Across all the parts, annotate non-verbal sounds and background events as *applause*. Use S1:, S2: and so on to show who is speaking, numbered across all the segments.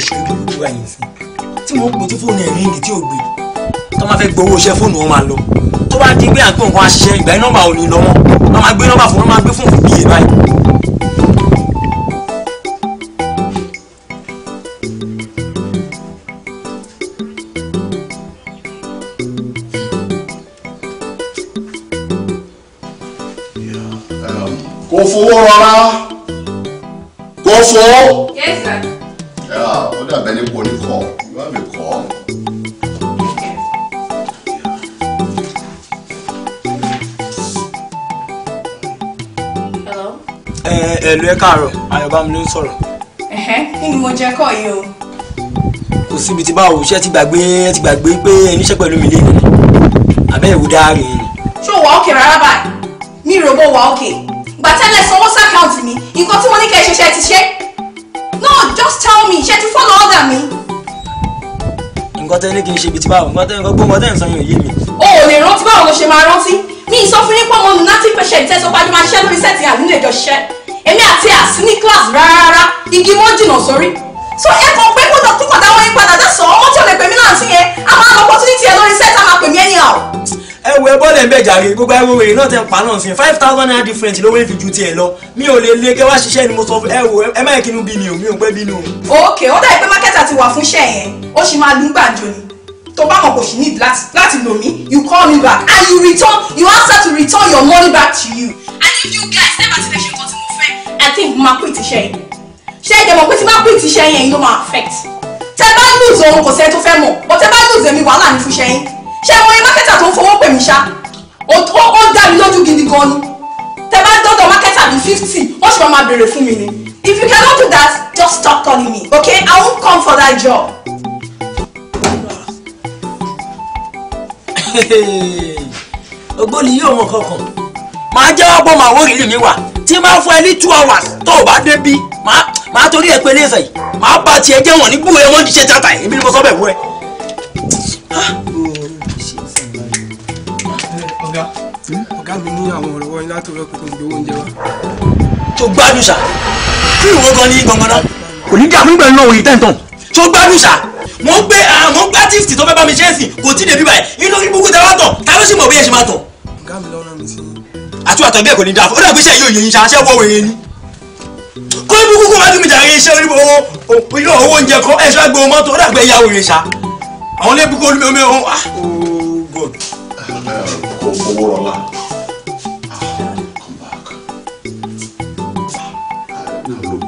S1: ṣe
S2: lórí àyè sí tí mo ń gbé tí fóònù ẹ̀ ríngì tí ò gbé tó máa fẹ́ gbowó iṣẹ́ fóònù wọn máa lọ tó bá di pé àgbọn nǹkan àṣìṣe ìgbà yìí nọ́mbà ò ní lọ wọn wọn máa gbé nọ́mbà fún wọn máa gbé fún òfin bíyè báyìí.
S3: kò fowó rọra kò fowó.
S2: káàárọ̀ ayọ̀bámi ló ń sọ̀rọ̀.
S4: ẹ̀hẹ́ kí ni mo jẹ kọ́ yìí o.
S2: kò síbi tí báwo ṣe ti gbàgbé ẹ ti gbàgbé pé ẹniṣẹ́ pẹ̀lú mi léèrè abẹ́ ìwú dáàrin ni.
S4: ṣé wà òkè rárá báyìí mi ì rògbò wà òkè gbà tẹ́lẹ̀ sanwó sàkáǹtì mi nǹkan tí mo ní kẹ́ ẹ ṣe ṣe ti ṣe no just tell me ṣe ti follow order mi.
S2: nǹkan tẹ́ ní kí n ṣe ibi tí báwo nǹkan tẹ́ nǹkan gbọ́ nǹkan tẹ́ ń sọ yóò yé mi.
S4: o ò lè rántí báwo ló ṣe máa rántí mi ìsọfúnni pọ̀ mọ́ nù native patient tẹ́ sọ pé a máa èmi àti àsí ní class rárá igi mọ́ jìnnà sórí so ẹ kàn pé kódà tó kàn táwọn yín padà dé sọ ọmọ tí ò lè pè mí náà sí yẹn a máa lọ opportunity ẹ lórí set a máa pè mí ẹni ọ̀.
S2: ẹ wo ẹ bọ́ọ̀lù ẹ̀ ń bẹ̀ jàre gbogbo ẹ wo náà tẹ̀ pa náà sí five thousand naira different lówó èfi ju tiẹ̀ lọ mi ò lè lé kẹ́ wá ṣiṣẹ́ ni mo sọ ẹ wo ẹ má yẹ kí inú bí mi ò mi ò pẹ́ bínú. ok ó dàbí pé market àti
S4: wà fún iṣẹ́ yẹn ó sì máa lù gbàǹjo ni tó bá mọ̀ kò sì need láti láti lò mí you call me back and you return you answer to return your money back to you and if you guys never tell me think mo máa quit iṣẹ́ yẹn ṣé ẹ̀jẹ̀ mọ̀ pé tí máa quit iṣẹ́ yẹn ló máa affect tẹ bá lose òun kò sẹ́ tó fẹ́ mọ̀ bọ́ tẹ bá lose èmi wàhálà ní fún iṣẹ́ yín ṣé mo yẹ mákẹ́tà tó ń fowó pè mí ṣá ó dá mi lójú gidi gan ni tẹ bá dọ́dọ̀ mákẹ́tà bíi fifty wọ́n sì máa béèrè fún mi ni if you cannot do that just stop calling me okay I won't come for that
S2: job. ògbóni yóò mọ kankan màá jẹ́wọ́ pé màá wó ìlú mi wà tí n bá fún ẹ ní two hours tó o bá dé bí màá torí ẹ pé léèsàn yìí màá bá tiẹ̀ jẹ́ wọ̀n ní gbúwèé wọ́n ti ṣe tata yìí èmi ni mo sọ bẹ́ẹ̀ wúrẹ́. ọ̀gá ọ̀gá mi ní àwọn ọ̀rọ̀ wọ̀nyí láti ọ̀rọ̀ pẹ̀lú ìgbé oúnjẹ wa. tó gbádùn sá kí ìwọ gan ní gbọngàn náà. kò ní dààmú ìgbà náà òye tẹ̀ntàn. tó gbádùn sá mo gbé mo gbá tífìtì tó fẹ́ bá mi ṣe é sìn kò tí ọ̀gá mi lọ́nà mi sí. àti wàtọ̀ kò ní dáa fún dàbí iṣẹ́ yóò yẹ yín wọ́ wẹ̀rẹ̀ ni. kó ibú kúkú bá tún jàre iṣẹ́ orí owó owó oúnjẹ kan ẹ̀ ṣáà mọ́tò ó dàgbẹ́ ya wẹ̀rẹ̀ ṣá. àwọn ilé ibùkún olúmi omi ah, oh, ọ̀hún.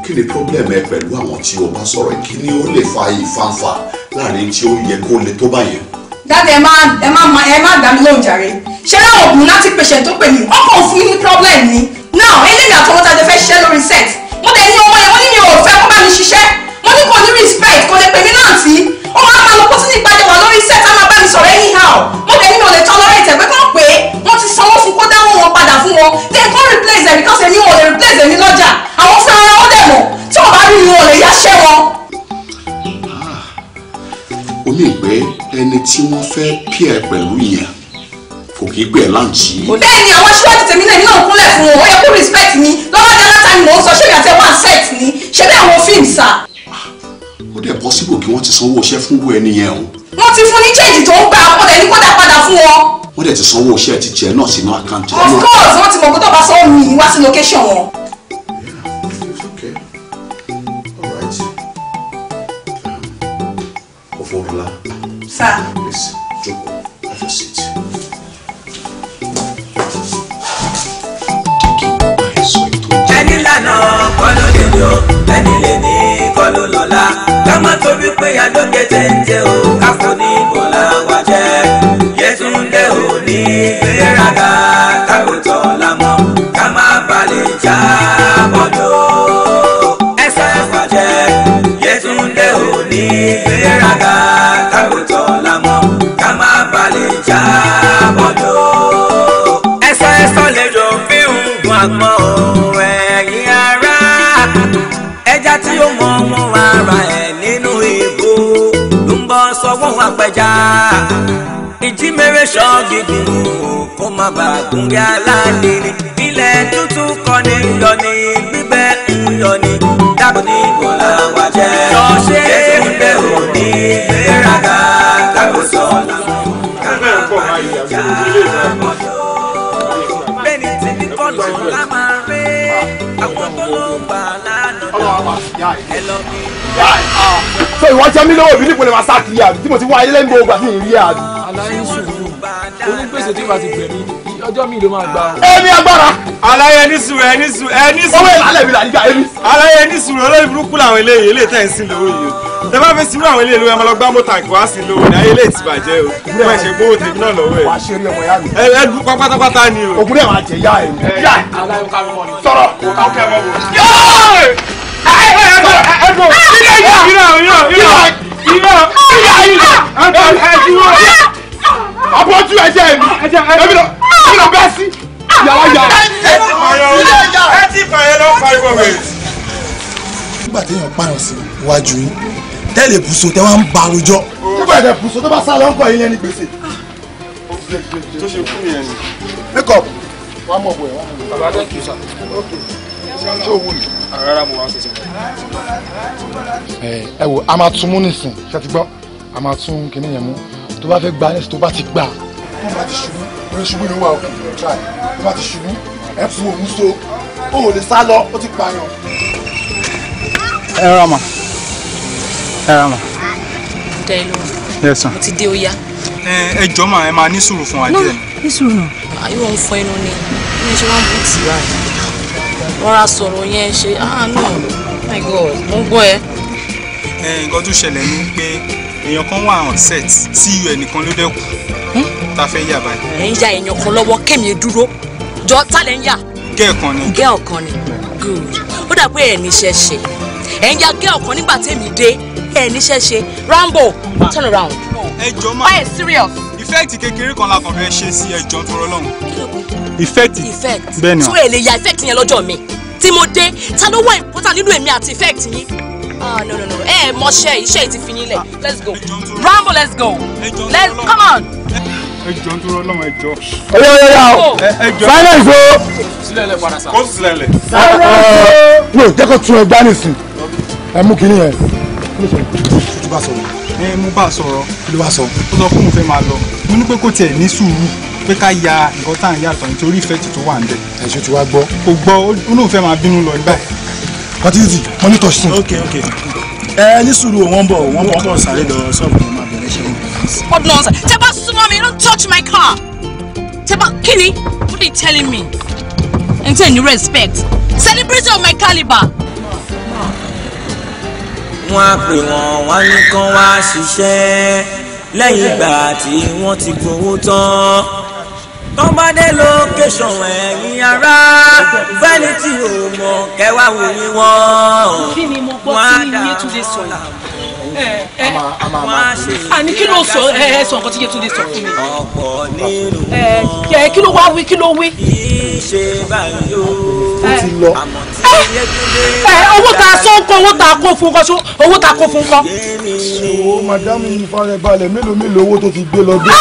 S3: kí ni problem ẹ pẹ̀lú àwọn tí o bá sọ̀rọ̀ kí ni ó lè fa ìfanfa láàrin tí ó yẹ kó le tó báyẹn
S4: dáadé ẹ má ẹ má ẹ má dá mi lóhùn jàre ṣé láwọn òkùnrin láti pèsè tó pè mí ọkọ̀ òfin ní problem ni now eléyìí àtọwọ́ tá a fẹ́ ṣiṣẹ́ lórí set mo dẹ̀ ní ọmọ yẹn wọ́n ní mi ò fẹ́ kó bá mi ṣiṣẹ́ mo ní kò ní respect kò lè pè mí náà tí ó máa máa lọ kó sí ní ìpàdé wà lórí set á máa bá mi sọ̀rọ̀ anyhow mo dẹ̀ ní mi ò lè tolerate ẹ̀ pé kán pé wọ́n ti sanwó fún kó dáwọ́ wọn padà fún they go replace them because èmi wọn ò lè replace èmi lọ́jà àwọn fúnra wọn dẹ̀ mọ̀ tí wọ́n bá rí mi wọn ò lè yáṣẹ́ wọn
S3: mì pé ẹni tí wọ́n fẹ́ pí ẹ pẹ̀lú yẹn kò kí pé ẹ láǹtì. bẹ́ẹ̀
S4: ni àwọn aṣíwájú tèmi náà náà kúnlẹ̀ fún wọn ó yẹ kó respect mi lọ́wọ́ ní aláta ni mò ń sọ ṣé ìyàtẹ̀ one set ni ṣé bí àwọn fíìmù sà.
S3: ó dẹ̀ possible kí wọ́n ti sanwó iṣẹ́ fún wú ẹni yẹn o.
S4: wọ́n ti fún ní change tó ń gbà ó dẹ̀ ní kó dá padà fún wọn.
S3: wọ́n dẹ̀ ti sanwó iṣẹ́ ti jẹ náà sínú àkáǹtì. of course wọ́n
S4: ti mọ̀ kó tó bá sanwó mi wá sí location wọn.
S3: Bukola. Sir. Please, jókòó. Have your
S2: seat. Ẹni lànà kọ́ ló lè lò, ẹni lè ní kọ́ ló lọ́la. Ká má torí o, ká fún ní bọ́lá wá jẹ́. Yétúndé ò ní ìgbéraga, ká ṣọ́ gidi kó má bàa gúnrí aláàlè ni ilẹ̀ tútù kọ́ ni ń yọ ni gbígbẹ ń yọ ni dábòó ní bọ̀lá wa jẹ́ yọ ṣe é bẹ́ẹ̀ ò ní ìgbéraga kákó sọ̀lá bẹ́ẹ̀ni tí ní kọ́lọ̀ la máa ré àwọn tó ló gbà lánàá ẹ lọ bí.
S3: Ah. so ìwọ jẹ mí lọ́wọ́ ìbí nípò lè máa sá kiri àbí tí mo ti wá ilé ń bọ ogun àti ìrírí àbí
S2: lẹ́nu tí bá ti gbẹ̀mí ọjọ́ mi ló máa gba. ẹni agbára. aláyẹ nísù ẹ nísù ẹ nísù. owó ìlàlẹ̀ mi là nígbà ẹni. aláyẹ nísù olórí burúkú làwọn eléyìí eléyìí tẹ̀ ń sin lówó yìí o tẹ bá fẹ́ sinú àwọn eléyìí lówó ẹ máa lọ gbá mọ́tà kí wàá sin lówó ní ayé eléyìí ti bàjẹ́ o bí wọ́n ṣe gbówó tèmi náà lọ́wọ́ ẹ̀. wàá ṣe eré ọmọ yá ẹ ẹ dúpọ́ pátápátá ni o. ògùn náà máa jẹ yá ẹ. yá ẹ. aláyọ̀ ká mi mọ̀ ní. sọ̀rọ̀ kò àbọ̀jú ẹ̀jẹ̀ mi ah, èmi lọ èmi lọ bẹ́ẹ̀ sí ah, yàrá yàrá. ẹ ti fààyàn lọ ẹ ti fààyàn lọ pariwo wẹ̀.
S1: nígbà téèyàn pààyàn sí iwájú yín tẹ́lẹ̀ bùsùn tẹ́ wá ń ba àròjọ. nígbà tẹ bùsùn tó bá sá lọ́kọ̀ yín lẹ́ni gbèsè. tó ṣe fún yẹn ni. make up wà á mọ̀ bọ̀ ẹ̀ wà á mọ̀. bàbá thank you sir. ṣé o wù ní. rárá mo wá sí i. Eh, ẹ wo a máa tún mú nísìn ṣe ti gbọ́ a máa tún kinní yẹn mú tó bá fẹ́ gba next tó bá ti gbà. tó bá ti ṣubú orí ṣubú ni ó wà òkè tó bá ti ṣubú ẹ fún òun so ó ò lè sá lọ ó ti pààyàn.
S2: ẹ rà mà ẹ rà mà. dẹ́ ẹ lóhùn. yes sir. mo ti dé ó yá. ẹ jọ máa ẹ máa ní sùúrù fún wa díẹ̀. ní sùúrù.
S4: àyíwọ̀ ń fọ inú ni bí mo ṣe máa ń bú tì rà yìí rọra sọ̀rọ̀ yẹn ṣe ah no my god mo gbọ́ ẹ.
S2: nǹkan tó ṣẹlẹ̀ ni pé èèyàn kan wà on set ceu ẹnìkan ló dẹ́kù hmm? tá a fẹ́ yà báyìí. ẹ ń ya
S4: èèyàn kan lọ́wọ́ kẹ́mi dúró jọ tá lẹ́ ń yà. gẹ́ẹ̀ kan ni. gẹ́ẹ̀ kan ni good ó dà pé ẹ̀ níṣẹ́ ṣe ẹ̀ ń ya gẹ́ẹ̀ kan nígbà tẹ́mi dé ẹ̀ níṣẹ́ ṣe rambo turn around.
S2: ẹ jọ máa why serious. effect kékeré kan la kàn fẹ́ ṣe sí ẹjọ́ tọrọ lọ́hùn. effect effect bẹ́ẹ̀ ni. tún èlé ya effect yẹn lọ́jọ́ mi tí mo
S4: dé ta ló wọ important nínú èmi àti effect yín ah no no no ẹ eh, mọ ṣe iṣẹ́ ti fi yín lẹ̀ ah. let's go rambo let's go let's come on.
S1: ẹjọ ń dúró lọ́wọ́ ẹjọ. ọyọ ọyọ ọyọ silence o.
S2: sílẹ̀lẹ̀ padà sá. kó sílẹ̀lẹ̀.
S1: no eh, jẹ́ kó tún ẹ gbá nísìn ẹ mú kínní yẹn. tuntun bá
S2: sọ̀rọ̀. ẹ mú bá sọ̀rọ̀ kí ló wá sọ. ó sọ fún mi fẹ́ máa lọ
S1: mo ní pé kó tiẹ̀ ní sùúrù pé ká ya nǹkan tá à ń yàtọ̀ nítorí ìfẹ́ tuntun wà ń bẹ̀. ẹ̀sùn ti wá gbọ́. kò gbọ́ ó lóun fẹ́ máa bínú lọ báyìí kọtí títì mọ́nítọ̀ sí. ok ok ẹ eh, ní sùúrù wọn bọ wọn bọ kọ sáré lọ sọọbù ní ma bẹ̀rẹ̀ ṣẹlẹ̀.
S4: what nonsense tẹ bá súnmọ́ mi don't touch my car tẹ bá kí ni what telling me And say you respect celebrate on my caliber.
S2: wọ́n á pè wọ́n wá ní kán wá ṣiṣẹ́ lẹ́yìn ìgbà tí wọ́n ti gbowó tán tọ́mọdé lókèṣàn ẹ̀yìn ara fẹ́ni tí ò mọ̀ kẹwàá wò ní wọ́n. kí
S4: ni mo gbọ́ tí
S2: ní Yétúndé sọ
S4: yìí.
S2: àní kí ló sọ ẹ ẹ sọ nǹkan tí Yétúndé sọ fún mi. ọ̀pọ̀ nínú wọn.
S4: ẹ kí ló wá wí kí ló wí. kì
S2: í ṣe báyìí o. ó ti lọ.
S4: ẹ owó tá a sọ
S2: ń kọ owó tá a kó fún kọ sọ owó tá a kó fún kọ. ṣòwò
S1: màdámù farabalẹ̀ mélòó mélòó owó tó ti gbé lọ dé. Ah!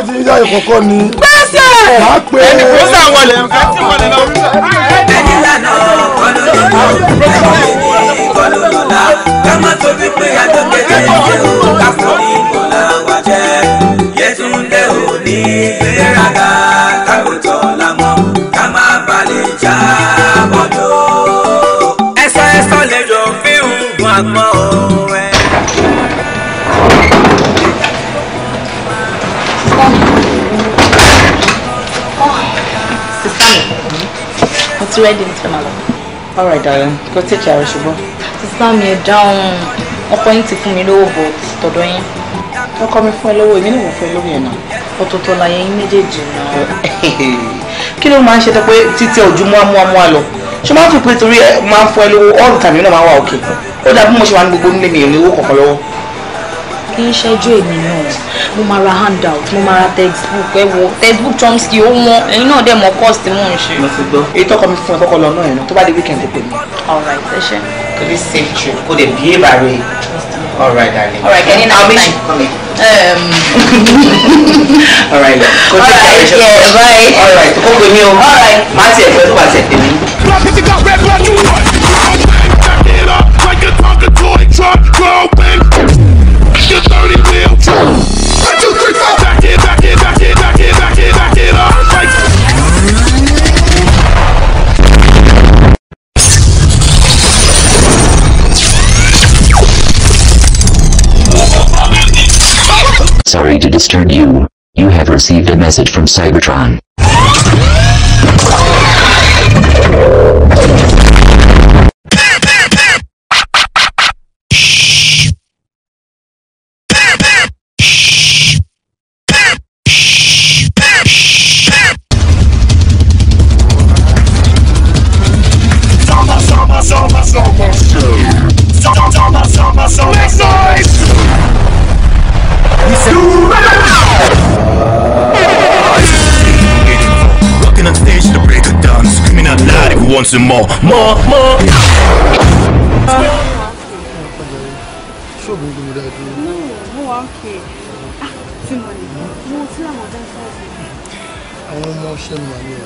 S1: ẹ ti ń yá ìkọ̀kọ̀ ni. bẹ́ẹ̀ dẹ̀. ẹni kò sá wọlé nfẹ́
S2: tí wọlé lọ. ẹni lànà kọlọ́lọ́lá ẹni kọlọ́lọ́lá ká má tóbi pé àjọ kékeré o ká ní kọlá wà jẹ́
S4: Yétúndé ò ní gbéraga ká kò balẹ̀ já bọ́dọ̀. ẹ̀sọ́ ẹ̀sọ́ lè fíhùn gun àgbọ̀n ti rẹ́dí mi ti lọ. all right darling go take care ṣùgbọ́n. sísá mi ẹ̀ dáhùn ọkọ yín ti fún mi lówó bọ̀ tọ̀dọ̀ yín. ọkọ mi fún ẹ lówó èmi náà mo fún ẹ lówó yẹn náà. ọ̀tọ̀ọ̀tọ̀ láyé yín méjèèjì
S2: náà. *laughs* kí ló máa ń ṣe tó pé títí ojú mú amú amú alọ ṣé máa ń fi pé torí ẹ máa ń fún ẹ lówó all the time náà máa wà òkè ó dàbí mo ṣe wà ní gbogbo nílé mi ìrìn owó kọ̀ọ̀kan lọ́wọ́.
S4: kì í ṣẹ́jú mo máa ra handout mo máa ra textbook ẹ wo textbook Chomsky ó wọn ẹ̀yin náà dẹ̀ mọ course tí mò ń ṣe.
S2: mo ti gbọ́ èyí tọkọ mi fún ẹ kọ́kọ́ lọ náà yẹn tó bá di weekend pè mí. alright ẹ ṣe. kò ní safe trip kò dé bí èèbà rẹ alright darling. alright kẹ́ni náà bẹ́ẹ̀ ṣe. alright lọ kò tí kí ẹ alright kò pè mí o. alright má tiẹ̀ fẹ́ tó
S3: Talking to a truck, girl, when
S1: you 30 wheel Sorry to disturb you. You have received a message from Cybertron. sì mọ̀ mọ̀ mọ̀. ṣọ́ọ̀bù ìgbìmọ̀ dáa dúró. no
S4: ah, mo wà ń pè é tí mo lè mo tí àwọn ọ̀dọ́ ṣáàbù.
S1: àwọn ọmọ ṣe ń wáyé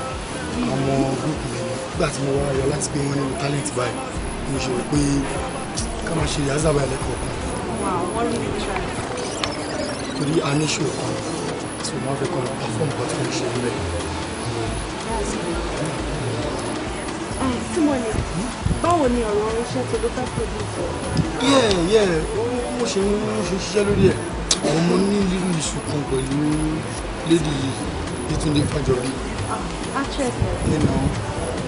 S1: o àwọn gúrùpù yẹn nígbà tí mo wá yọ láti pé wọ́n nílò talent báyìí mo ṣe rò pé ká máa ṣe ìyáza báyìí lẹ́kọ̀ọ̀kan. torí a ní ṣòro kan tí mo máa fẹ́ kọ́ lọ pàfọ́ọ̀mù kan tó ṣe ń
S4: Tímọ̀lì, báwo ni ọ̀rọ̀ iṣẹ́ tó ló fẹ́ pẹ̀lú ìtọ́?
S1: Yẹ́ yẹ́ mo ṣe ń ṣiṣẹ́ lórí ẹ̀. Àwọn ọmọ ní lílu ìṣù kan pẹ̀lú lédi Yétúndé Fájọbí.
S4: Àchẹ́ẹ̀dẹ̀. Ẹ nà án.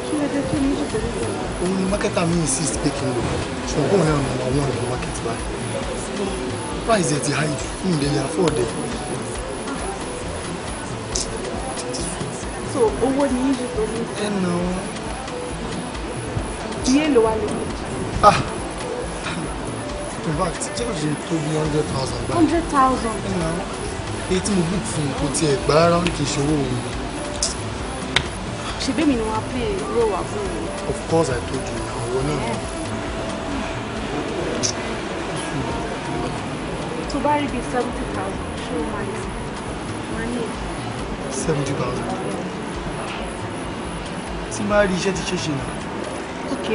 S4: Kí ló dé tó ní ìṣù pẹ̀lú ìtọ́?
S1: Òun ni mákẹ́tà mi insist pé kí n lò. Ṣùgbọ́n kóun náà nà àwọn ọ̀dọ́ mákẹ́tì báyìí. Price ẹ̀ ti high jù fún ìdẹ̀lẹ̀ àfọ̀ọ̀dẹ̀.
S4: So owó ni yíyí tó ní ah
S1: in fact george tó bí hundred thousand gbà. hundred thousand. èyí tí mo book fún un kò tiẹ̀ gbà rárá kì í ṣòwò òun.
S4: ṣe bẹ́ẹ̀ mi ni wọ́n á pè é ló
S1: of course i told you àwọn náà.
S4: tó bá rí bíi seventy thousand Show o Money. ní máa ní.
S1: seventy thousand. tí n bá rí iṣẹ́
S4: ok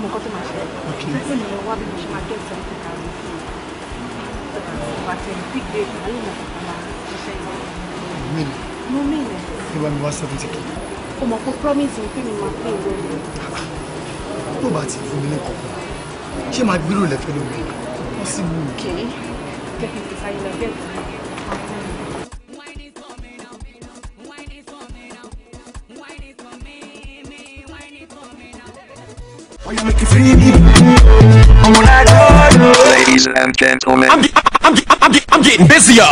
S4: mo kọ́ tó máa ṣe ok ṣé mi wá bí mo ṣe máa gẹ́sẹ̀ ní kíkà mi bàtẹ̀ gbígbé ìgbàlú mi kò máa ṣiṣẹ́ ìwọ. mi ni mo mi ni.
S1: ìwà mi wá seventy k.
S4: o mọ̀ pé promise mi pé mi máa pé ìwé mi.
S1: tó bá ti fún mi ní kọ̀ọ̀kan ṣé máa gbérò lẹ́fẹ̀ẹ́ lómi? possible. ok kẹ́kẹ́ kí sáyé lọ bẹ́ẹ̀ ladies and
S2: gentlemen. I'm, I'm, I'm, I'm getting busier.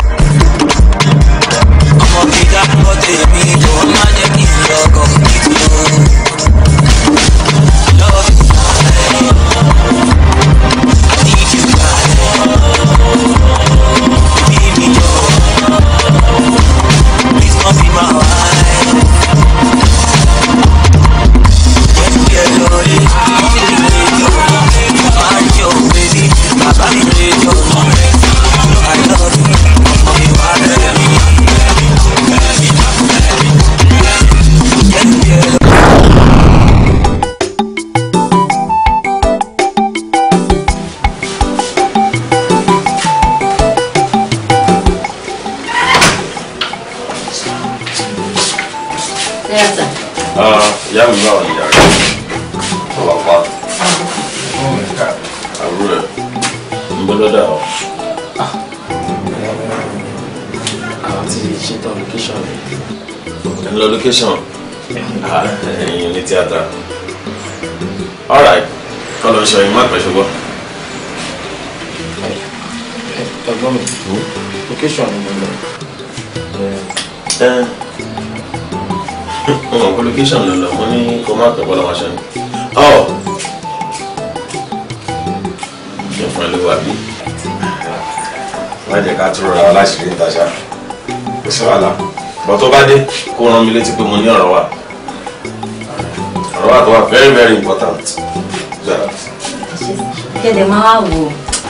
S4: dẹ̀ máa wá wò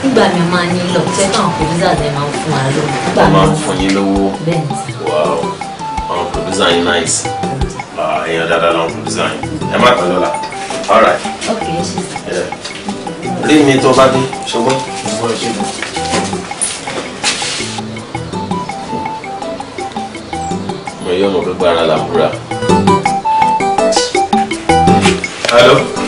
S4: nígbà mi máa ní lọ tẹ́ náà pòdúsà dẹ̀ máa fún wa
S2: lọ. wọ́n máa fún yín lówó wow àwọn yín nice èèyàn ah, dáadáa làwọn pòdúsà yín ẹ má pẹ́ lọ́la all right. ok ẹ
S1: ṣe. rí mi tó
S2: bá dé ṣùgbọ́n. mo yọ ọmọ gbogbo ara làbúrà. hello.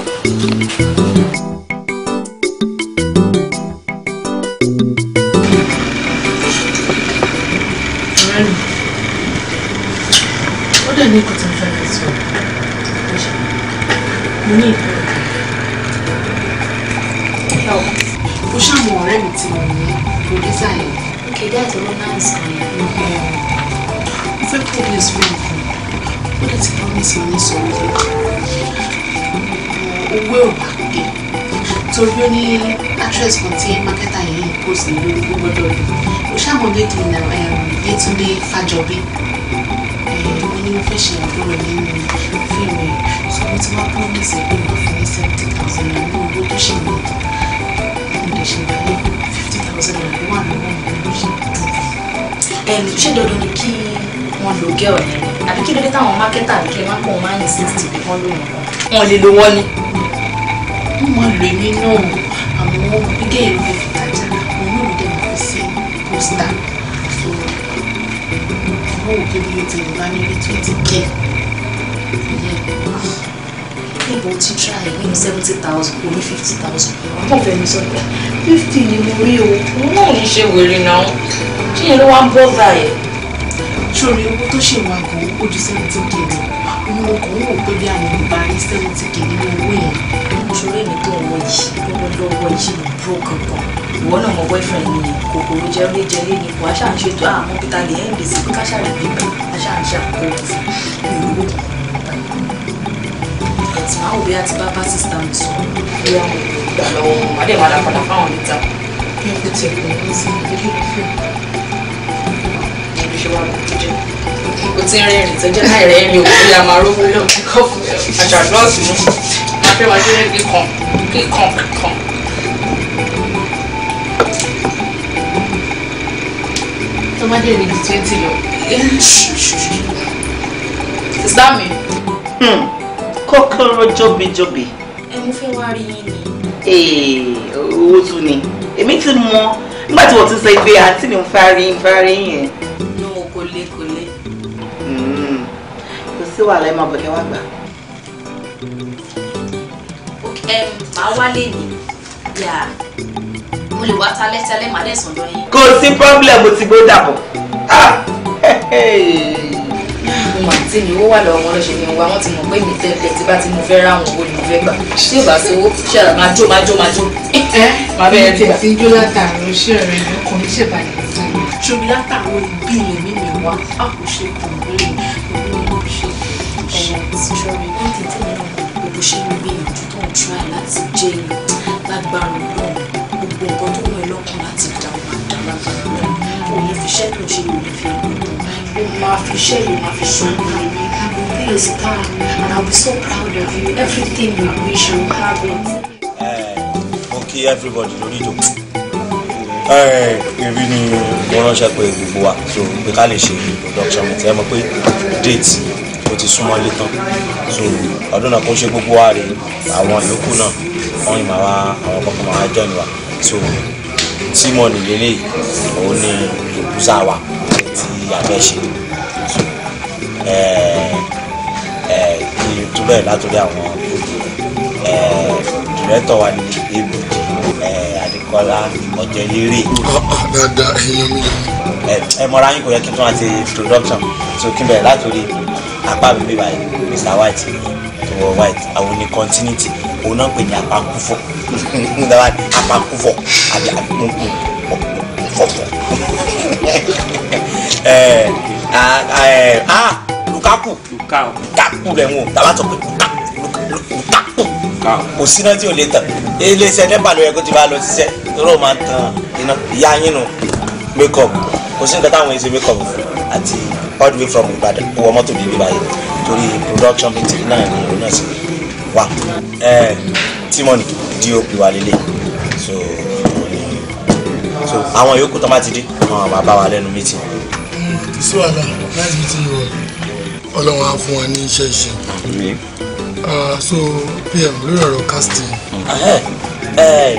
S4: need help. Ó ṣàmọ̀ ọ̀rẹ́ mi ti wọ̀ ní producer Okay, that's all nice kan yẹn. Mo fẹ́ kó bí ìṣúná kan. Ó lè ti promise mi ní sọ̀rọ̀ owó ò bá gbé torí ó ní Google kan tí mákẹ́tà yìí kò sí lórí gbogbo dọ́ọ̀dù ó ṣàmọ̀ lédi um, Yétúndé Fájọbí ẹ̀ẹ́dẹ́gbẹ́ ni mo fẹ́ ṣe àbúrò nínú ṣé dandan ni kí wọ́n lo gẹ́ ọ̀yẹ́ àbí kí ló dé táwọn mákẹ́tà kí wọ́n kàn máa ní sixty bí wọ́n lò wọ́n wọ́n lè lo wọ́n ni. wọ́n máa lo èmi náà àmọ́ gbígbé ìlú fẹ́ fi tajà òun
S2: náà lè dẹ̀mọ̀ fi sí pósítà so owó òkè bí o ti lè bá twenty k níbo tí ah, tra
S4: ìwé seventy thousand kò ní fifty thousand ọmọ bẹ̀rẹ̀ sọ pé fifty ni mo rí o òun náà ní ṣe wèrè náà kí ni ló wá ń bọ́ ọ̀dà yẹn. owó tó ṣe wà kó o ju seventy k lọ inú ọkọ̀ ń wò pé bí àwọn ọba ní seventy k nínú owó yẹn nítorí èmi tó ọwọ́ yìí lọ́wọ́lọ́wọ́ yìí ló dúró kankan ìwọ náà mọ boyfriend mi kòkòrò jẹrí jẹrí ni kò aṣáà ń ṣètò àmọ́ pété alẹ́ ẹ̀ ń bèsè pé káṣáà rẹ̀ bí kò aṣáà ń ṣàkóso ìlú ẹ̀tì máa wò bí a ti bá bá sísá mi sọ ìwọ àwọn ìgbà lọ́wọ́ màdé màdà padà fáwọn níta bí ó ti kò ní sí ilé ìfẹ́ ṣe wà hmm. ẹ mo fẹ́ wá rí yín ni. owó tún ni èmi ti mọ
S2: nígbà tí wọ́n ti sọ pé àǹtí mi ń fárí ń fárí yẹn. sí wàhálà ẹ máa bọ̀ kẹ́ wá gbà.
S4: ẹ máa wálé ni yà mo lè wá talẹ́talẹ́ máa dẹ̀ sọ̀dọ̀
S2: yín. kò sí pọ́blẹ̀ mo ti gbé dàbọ̀.
S4: mo mà tí mi ó wà lọ́wọ́ wọn lọ́sẹ̀ mi wá wọ́n ti mọ̀ pé mi tẹ́lẹ̀ tí bá ti mo fẹ́ ráwọn owó ni mo fẹ́ gbà tí ò bá sówó ṣàrà máa jó máa jó máa jó. màá bẹ̀rẹ̀ tí bá. ti jó látàrí iṣẹ́ rẹ̀ ló kàn ń ṣèbàdàn. ṣòbí látàrí ibi ìlẹ̀ mímì wá àkóṣe kò ń bẹ̀rẹ̀ jẹ lágbára ọlọ́run gbogbo nǹkan tó wọ ẹlọ́kàn láti dá ọ máa dá lágbára òun fi tó ṣe òun fi ọdún tó ó máa fi iṣẹ́ yìí
S2: máa fi sọ ní ẹni
S4: you be a star and I be so proud of you everything you wish you have it.
S2: mo kí everybody lórí ìjòkó eh, èrí ni mo ránṣẹ́ pé gbogbo wa so pé ká lè ṣe production mi tí ẹ mọ̀ pé date ó ti súnmọ́ létan so ọdún náà kò ṣe gbogbo wa rèé àwọn yòókù náà wọ́n yìí máa àwọn kọ́kọ́ máa wá join wa so tí mo nì lélẹ̀ òun ni ìbúsà wa tí a fẹ́ ṣe eh, eh, kí n túbẹ̀ látòrí àwọn olùkọ́ eh, dìrẹ́tọ̀ wa ní ebu Adékọ́lá Ọ̀jẹ̀lérè. dáadáa ẹyin mi. ẹ mọra yín kò yẹ kí n tún àti introduction so kí n bẹ̀rẹ̀ látòrí apá mi bíbá Mr White tó wọ white àwọn ní continuity òun náà pè ní apakúfọ̀ apakúfọ̀ àbí àbíkúnkún fọ̀fọ̀. lukaku lukaku rẹ̀ wọ̀ tàbá sọ pé lukaku kò síná tí ò lè tàn iléeṣẹ́ nípa ló yẹ kó ti bá lọ ṣiṣẹ́ lóró máa tan iná ìyá yín nù make up kò sí nǹkan táwọn ẹ̀ṣẹ̀ make up àti all the way from Ìbàdàn owó mọ́tò bíbí báyìí torí production meeting náà ni òun náà sì rí wa eh, Timothy dop wa lélẹ̀ so so àwọn yòókù tó bá ti dé wọn wà bá wa lẹ́nu mítìn.
S1: sí wàhálà nice meeting you all ọlọ́run á fún wa ní iṣẹ́ ìṣe ah, so pm lórí ọ̀rọ̀ casting. Eh,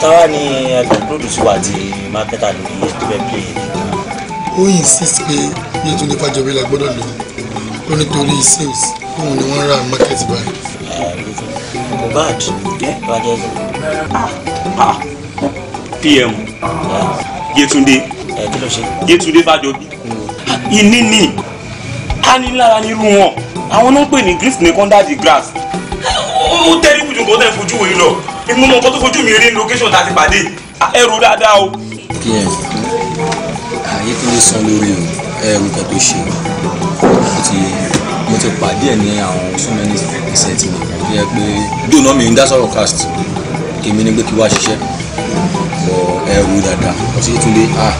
S1: táwa ni ẹgbẹ́ produce wa àti
S2: marketer lórí ẹgbẹ́ play yìí.
S1: ó insist pé Yétúndé Fájọbí la gbọ́dọ̀ lò ó nítorí sales òun ni wọ́n ra market buy.
S2: Bad. Yeah. Bad is Ah. Ah. PM. Yétúndé. Ẹ eh, kí ló ṣe? Yétúndé Fájọbí. Iní hmm. ni. Ká ní lára nírú wọn. Àwọn náà ń pè ní grist nìkan dá di grass. Ó tẹ́lí kùjù nǹkan tẹ́ fojú wèé lọ. Ìmú mọ̀ nǹkan tó fojú mi rí ní location tá a ti pàdé. Ah, Ẹrù dáadáa o. PM. Ah, Yétúndé san lórí o. Eh, ẹ nǹkan tó ṣe. Mo ti pàdé ẹ̀ ní so many percent mi yẹ pé dùnà mi ń dá sọ̀rọ̀ cast èmi ni pé kí wá ṣiṣẹ́ bọ̀ ẹrù dáadáa ọtí Túndé a ah,